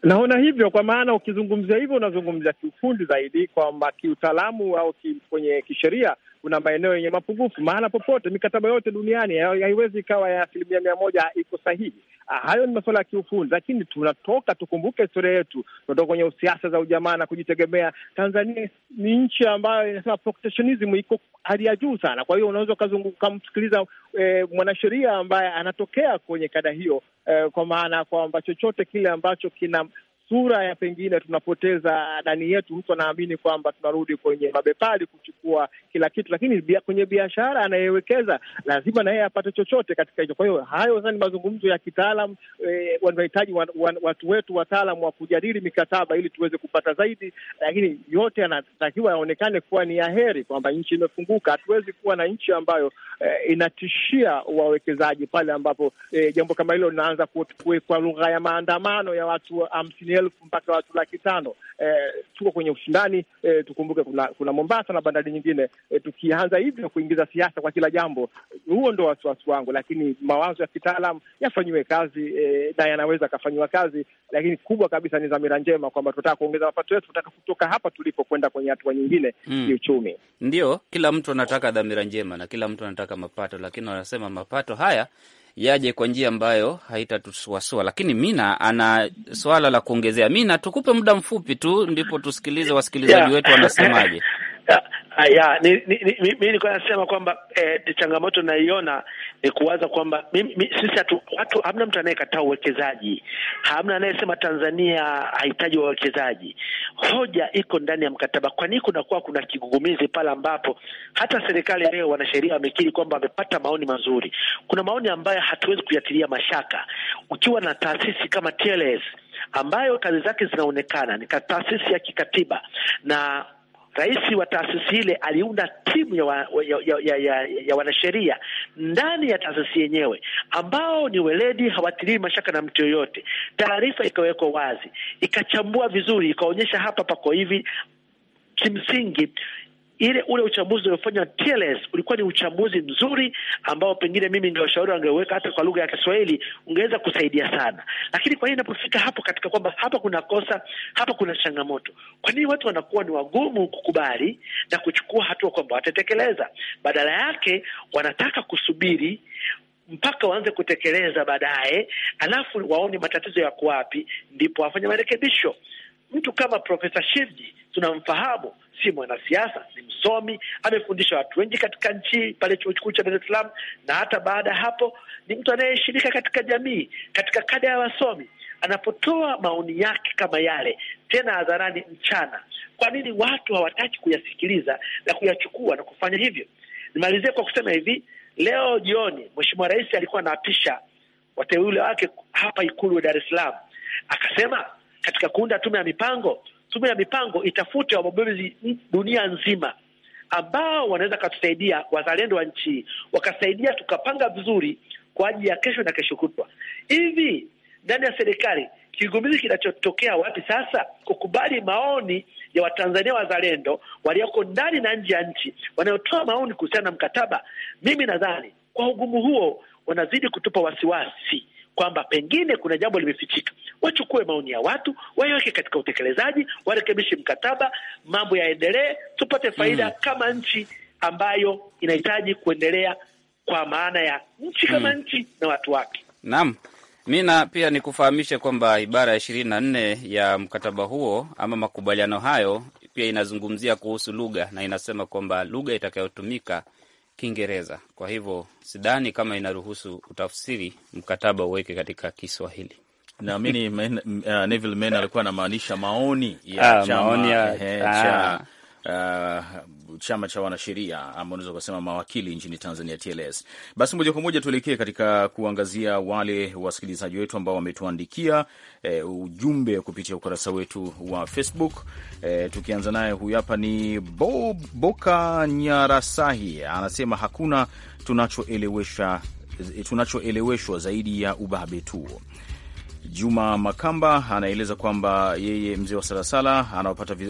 Naona hivyo kwa maana ukizungumzia hivyo unazungumzia kiufundi zaidi, kwamba kiutaalamu au ki, kwenye kisheria kuna maeneo yenye mapungufu. Mahala popote mikataba yote duniani haiwezi ikawa ya asilimia mia moja iko sahihi. Ah, hayo ni masuala ya kiufundi, lakini tunatoka, tukumbuke historia yetu, tunatoka kwenye siasa za ujamaa na kujitegemea. Tanzania ni nchi ambayo inasema protectionism iko hali ya juu sana. Kwa hiyo unaweza ukamsikiliza eh, mwanasheria ambaye anatokea kwenye kada hiyo eh, kwa maana ya kwamba chochote kile ambacho kina sura ya pengine tunapoteza dani yetu. Mtu anaamini kwamba tunarudi kwenye mabepari kuchukua kila kitu, lakini bia, kwenye biashara anayewekeza lazima na yeye apate chochote katika hicho. Kwa hiyo hayo sasa ni mazungumzo ya kitaalam e, eh, wanahitaji wan, wan, watu wetu wataalam wa kujadili mikataba ili tuweze kupata zaidi, lakini yote yanatakiwa yaonekane kuwa ni ya heri, kwamba nchi imefunguka. Hatuwezi kuwa na nchi ambayo e, inatishia wawekezaji pale ambapo e, jambo kama hilo linaanza kwa lugha ya maandamano ya watu hamsini elfu mpaka watu laki tano. E, tuko kwenye ushindani e, tukumbuke kuna, kuna Mombasa na bandari nyingine e, tukianza hivyo kuingiza siasa kwa kila jambo, huo ndo wasiwasi wangu, lakini mawazo ya kitaalam yafanyiwe kazi e, na yanaweza akafanyiwa kazi, lakini kubwa kabisa ni dhamira njema kwamba tunataka kuongeza mapato yetu, tunataka kutoka hapa tulipo kwenda kwenye hatua nyingine mm. Uchumi ndio kila mtu anataka dhamira njema na kila mtu anataka mapato, lakini wanasema mapato haya yaje kwa njia ambayo haitatusuasua. Lakini Mina ana swala la kuongezea. Mina, tukupe muda mfupi tu, ndipo tusikilize wasikilizaji wetu wanasemaje. mimi ah, nilikuwa nasema kwamba eh, changamoto naiona ni kuwaza kwamba sisi hatu, watu hamna mtu anayekataa uwekezaji, hamna anayesema Tanzania hahitaji wawekezaji. Hoja iko ndani ya mkataba. Kwa nini kunakuwa kuna kigugumizi pale ambapo hata serikali leo wanasheria wamekiri kwamba wamepata maoni mazuri? Kuna maoni ambayo hatuwezi kuyatilia mashaka. Ukiwa na taasisi kama TLS ambayo kazi zake zinaonekana ni taasisi ya kikatiba na Rais wa taasisi ile aliunda timu ya, wa, ya, ya, ya, ya, ya wanasheria ndani ya taasisi yenyewe ambao ni weledi, hawatilii mashaka na mtu yoyote. Taarifa ikawekwa wazi, ikachambua vizuri, ikaonyesha hapa pako hivi kimsingi ile ule uchambuzi uliofanywa TLS ulikuwa ni uchambuzi mzuri ambao pengine mimi ningewashauri washauri wangeweka hata kwa lugha ya Kiswahili ungeweza kusaidia sana. Lakini kwa nini inapofika hapo katika kwamba hapa kuna kosa, hapa kuna changamoto, kwa nini watu wanakuwa ni wagumu kukubali na kuchukua hatua kwamba watatekeleza? Badala yake wanataka kusubiri mpaka waanze kutekeleza baadaye, alafu waone matatizo yako wapi, ndipo wafanye marekebisho. Mtu kama Profesa Shivji tunamfahamu si mwanasiasa, ni msomi, amefundisha watu wengi katika nchi pale chuo kikuu cha Dar es Salaam, na hata baada ya hapo ni mtu anayeshirika katika jamii, katika kada ya wasomi. Anapotoa maoni yake kama yale, tena hadharani, mchana, kwa nini watu hawataki kuyasikiliza na kuyachukua na kufanya hivyo? Nimalizie kwa kusema hivi, leo jioni Mheshimiwa Rais alikuwa anaapisha wateule wake hapa Ikulu ya Dar es Salaam, akasema katika kuunda tume ya mipango tume ya mipango itafute wabobezi dunia nzima ambao wanaweza wakatusaidia, wazalendo wa nchi hii wakasaidia, tukapanga vizuri kwa ajili ya kesho na kesho kutwa. Hivi ndani ya serikali kigumizi kinachotokea wapi sasa? Kukubali maoni ya Watanzania wazalendo walioko ndani na nje ya nchi wanayotoa maoni kuhusiana na mkataba. Mimi nadhani kwa ugumu huo wanazidi kutupa wasiwasi kwamba pengine kuna jambo limefichika, wachukue maoni ya watu waiweke katika utekelezaji, warekebishe mkataba, mambo yaendelee, tupate faida mm. kama nchi ambayo inahitaji kuendelea, kwa maana ya nchi kama mm. nchi na watu wake. Naam. Mi na pia nikufahamishe kwamba ibara ya ishirini na nne ya mkataba huo ama makubaliano hayo pia inazungumzia kuhusu lugha na inasema kwamba lugha itakayotumika Kiingereza. Kwa hivyo sidhani kama inaruhusu utafsiri mkataba uweke katika Kiswahili. Naamini uh, Neville Mena alikuwa anamaanisha maoni ya ah, chama ah. cha uh, chama cha wanasheria ama unaweza ukasema mawakili nchini Tanzania, TLS. Basi moja kwa moja tuelekee katika kuangazia wale wasikilizaji wetu ambao wametuandikia eh, ujumbe kupitia ukurasa wetu wa Facebook. Eh, tukianza naye huyu hapa ni Bo, Boka Nyarasahi anasema hakuna tunachoeleweshwa eh, tunachoeleweshwa zaidi ya ubabe tuo Juma Makamba anaeleza kwamba yeye mzee wa Salasala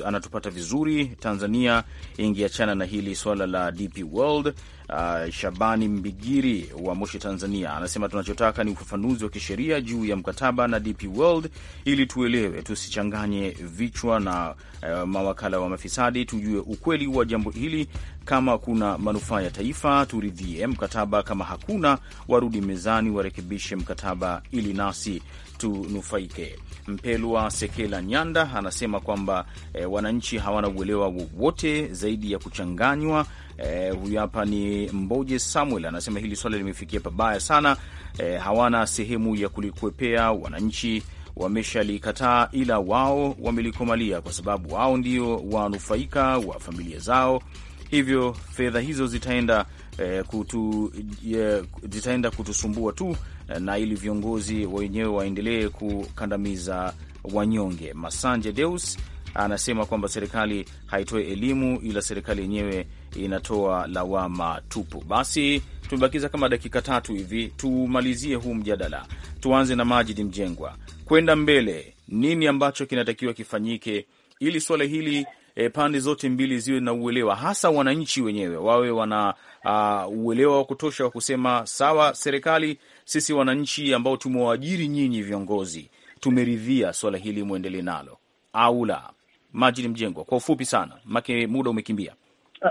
anatupata vizuri Tanzania, ingeachana na hili swala la DP World. Uh, Shabani Mbigiri wa Moshi, Tanzania anasema tunachotaka ni ufafanuzi wa kisheria juu ya mkataba na DP World ili tuelewe, tusichanganye vichwa na uh, mawakala wa mafisadi, tujue ukweli wa jambo hili. Kama kuna manufaa ya taifa turidhie mkataba, kama hakuna warudi mezani warekebishe mkataba ili nasi tunufaike. Mpelwa Sekela Nyanda anasema kwamba e, wananchi hawana uelewa wowote zaidi ya kuchanganywa. E, huyu hapa ni Mboje Samuel anasema hili swala limefikia pabaya sana. E, hawana sehemu ya kulikwepea wananchi wameshalikataa, ila wao wamelikomalia kwa sababu wao ndio wanufaika wa familia zao, hivyo fedha hizo zitaenda eh, kutu, eh, zitaenda kutusumbua tu eh, na ili viongozi wenyewe waendelee kukandamiza wanyonge. Masanje Deus anasema kwamba serikali haitoe elimu, ila serikali yenyewe inatoa lawama tupu. Basi tumebakiza kama dakika tatu hivi, tumalizie huu mjadala. Tuanze na Majidi Mjengwa, kwenda mbele, nini ambacho kinatakiwa kifanyike ili suala hili e, pande zote mbili ziwe na uelewa, hasa wananchi wenyewe wawe wana Uh, uelewa wa kutosha wa kusema sawa, serikali, sisi wananchi ambao tumewaajiri nyinyi viongozi tumeridhia swala hili mwendelee nalo au la? Majid Mjengwa, kwa ufupi sana, make muda umekimbia. Ah,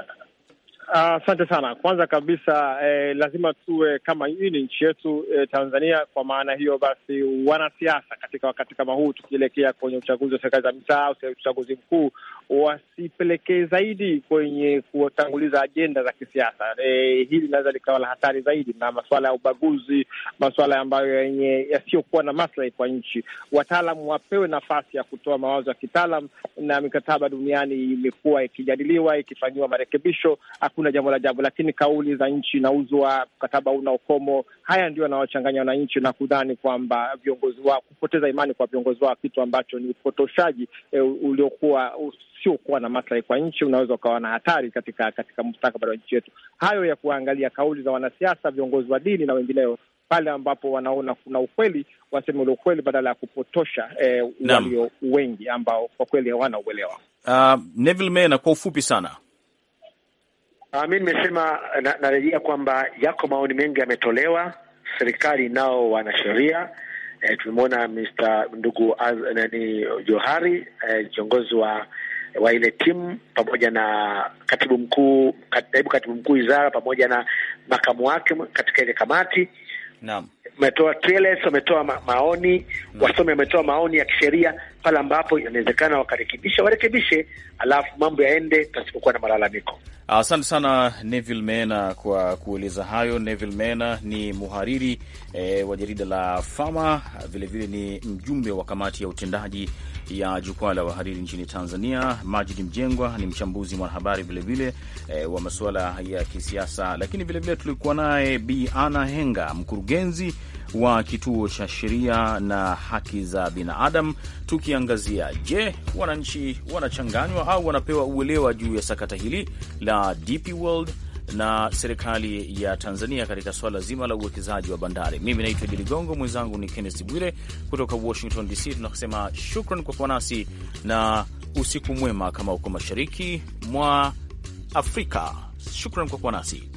ah, asante uh, uh, sana. Kwanza kabisa eh, lazima tuwe kama hii ni nchi yetu eh, Tanzania. Kwa maana hiyo basi, wanasiasa katika wakati kama huu tukielekea kwenye uchaguzi wa serikali za mitaa au uchaguzi mkuu wasipelekee zaidi kwenye kuwatanguliza ajenda za kisiasa. E, hili linaweza likawa la hatari zaidi, na masuala ya ubaguzi, masuala ambayo yenye yasiyokuwa na maslahi kwa nchi. Wataalam wapewe nafasi ya kutoa mawazo ya kitaalam, na mikataba duniani imekuwa ikijadiliwa, ikifanyiwa marekebisho. Hakuna jambo la jambo, lakini kauli za nchi inauzwa, mkataba una ukomo, haya ndio yanaochanganya wananchi na kudhani kwamba viongozi wao, kupoteza imani kwa viongozi wao, kitu ambacho ni upotoshaji e, uliokuwa usiokuwa na maslahi kwa nchi unaweza ukawa na hatari katika katika mustakabali wa nchi yetu. Hayo ya kuangalia kauli za wanasiasa, viongozi wa dini na wengineo pale ambapo wanaona kuna ukweli waseme ule ukweli badala ya kupotosha eh, walio wengi ambao kwa kweli hawana uelewa. Uh, Neville kwa ufupi sana. Uh, ah, mi nimesema narejea na kwamba yako maoni mengi yametolewa, serikali nao sheria eh, tumemwona Mr. ndugu nani Johari eh, wa wa ile timu pamoja na katibu mkuu, naibu katibu mkuu wizara pamoja na makamu wake katika ile kamati. Naam, umetoa TLS, wametoa ma maoni, wasomi wametoa maoni ya kisheria pale ambapo inawezekana wakarekebisha, warekebishe, alafu mambo yaende pasipokuwa na malalamiko. Asante sana Neville Mena kwa kueleza hayo. Neville Mena ni muhariri eh, wa jarida la Fama, vilevile ni mjumbe wa kamati ya utendaji ya jukwaa la wahariri nchini Tanzania. Majid Mjengwa ni mchambuzi mwanahabari vilevile e, wa masuala ya kisiasa, lakini vilevile tulikuwa naye Bi Ana Henga, mkurugenzi wa kituo cha sheria na haki za binadamu, tukiangazia je, wananchi wanachanganywa au wanapewa uelewa juu ya sakata hili la DP World na serikali ya Tanzania katika swala zima la uwekezaji wa bandari. Mimi naitwa Idi Ligongo, mwenzangu ni Kennes Bwire kutoka Washington DC. Tunasema shukran kwa kuwa nasi na usiku mwema, kama uko mashariki mwa Afrika. Shukran kwa kuwa nasi.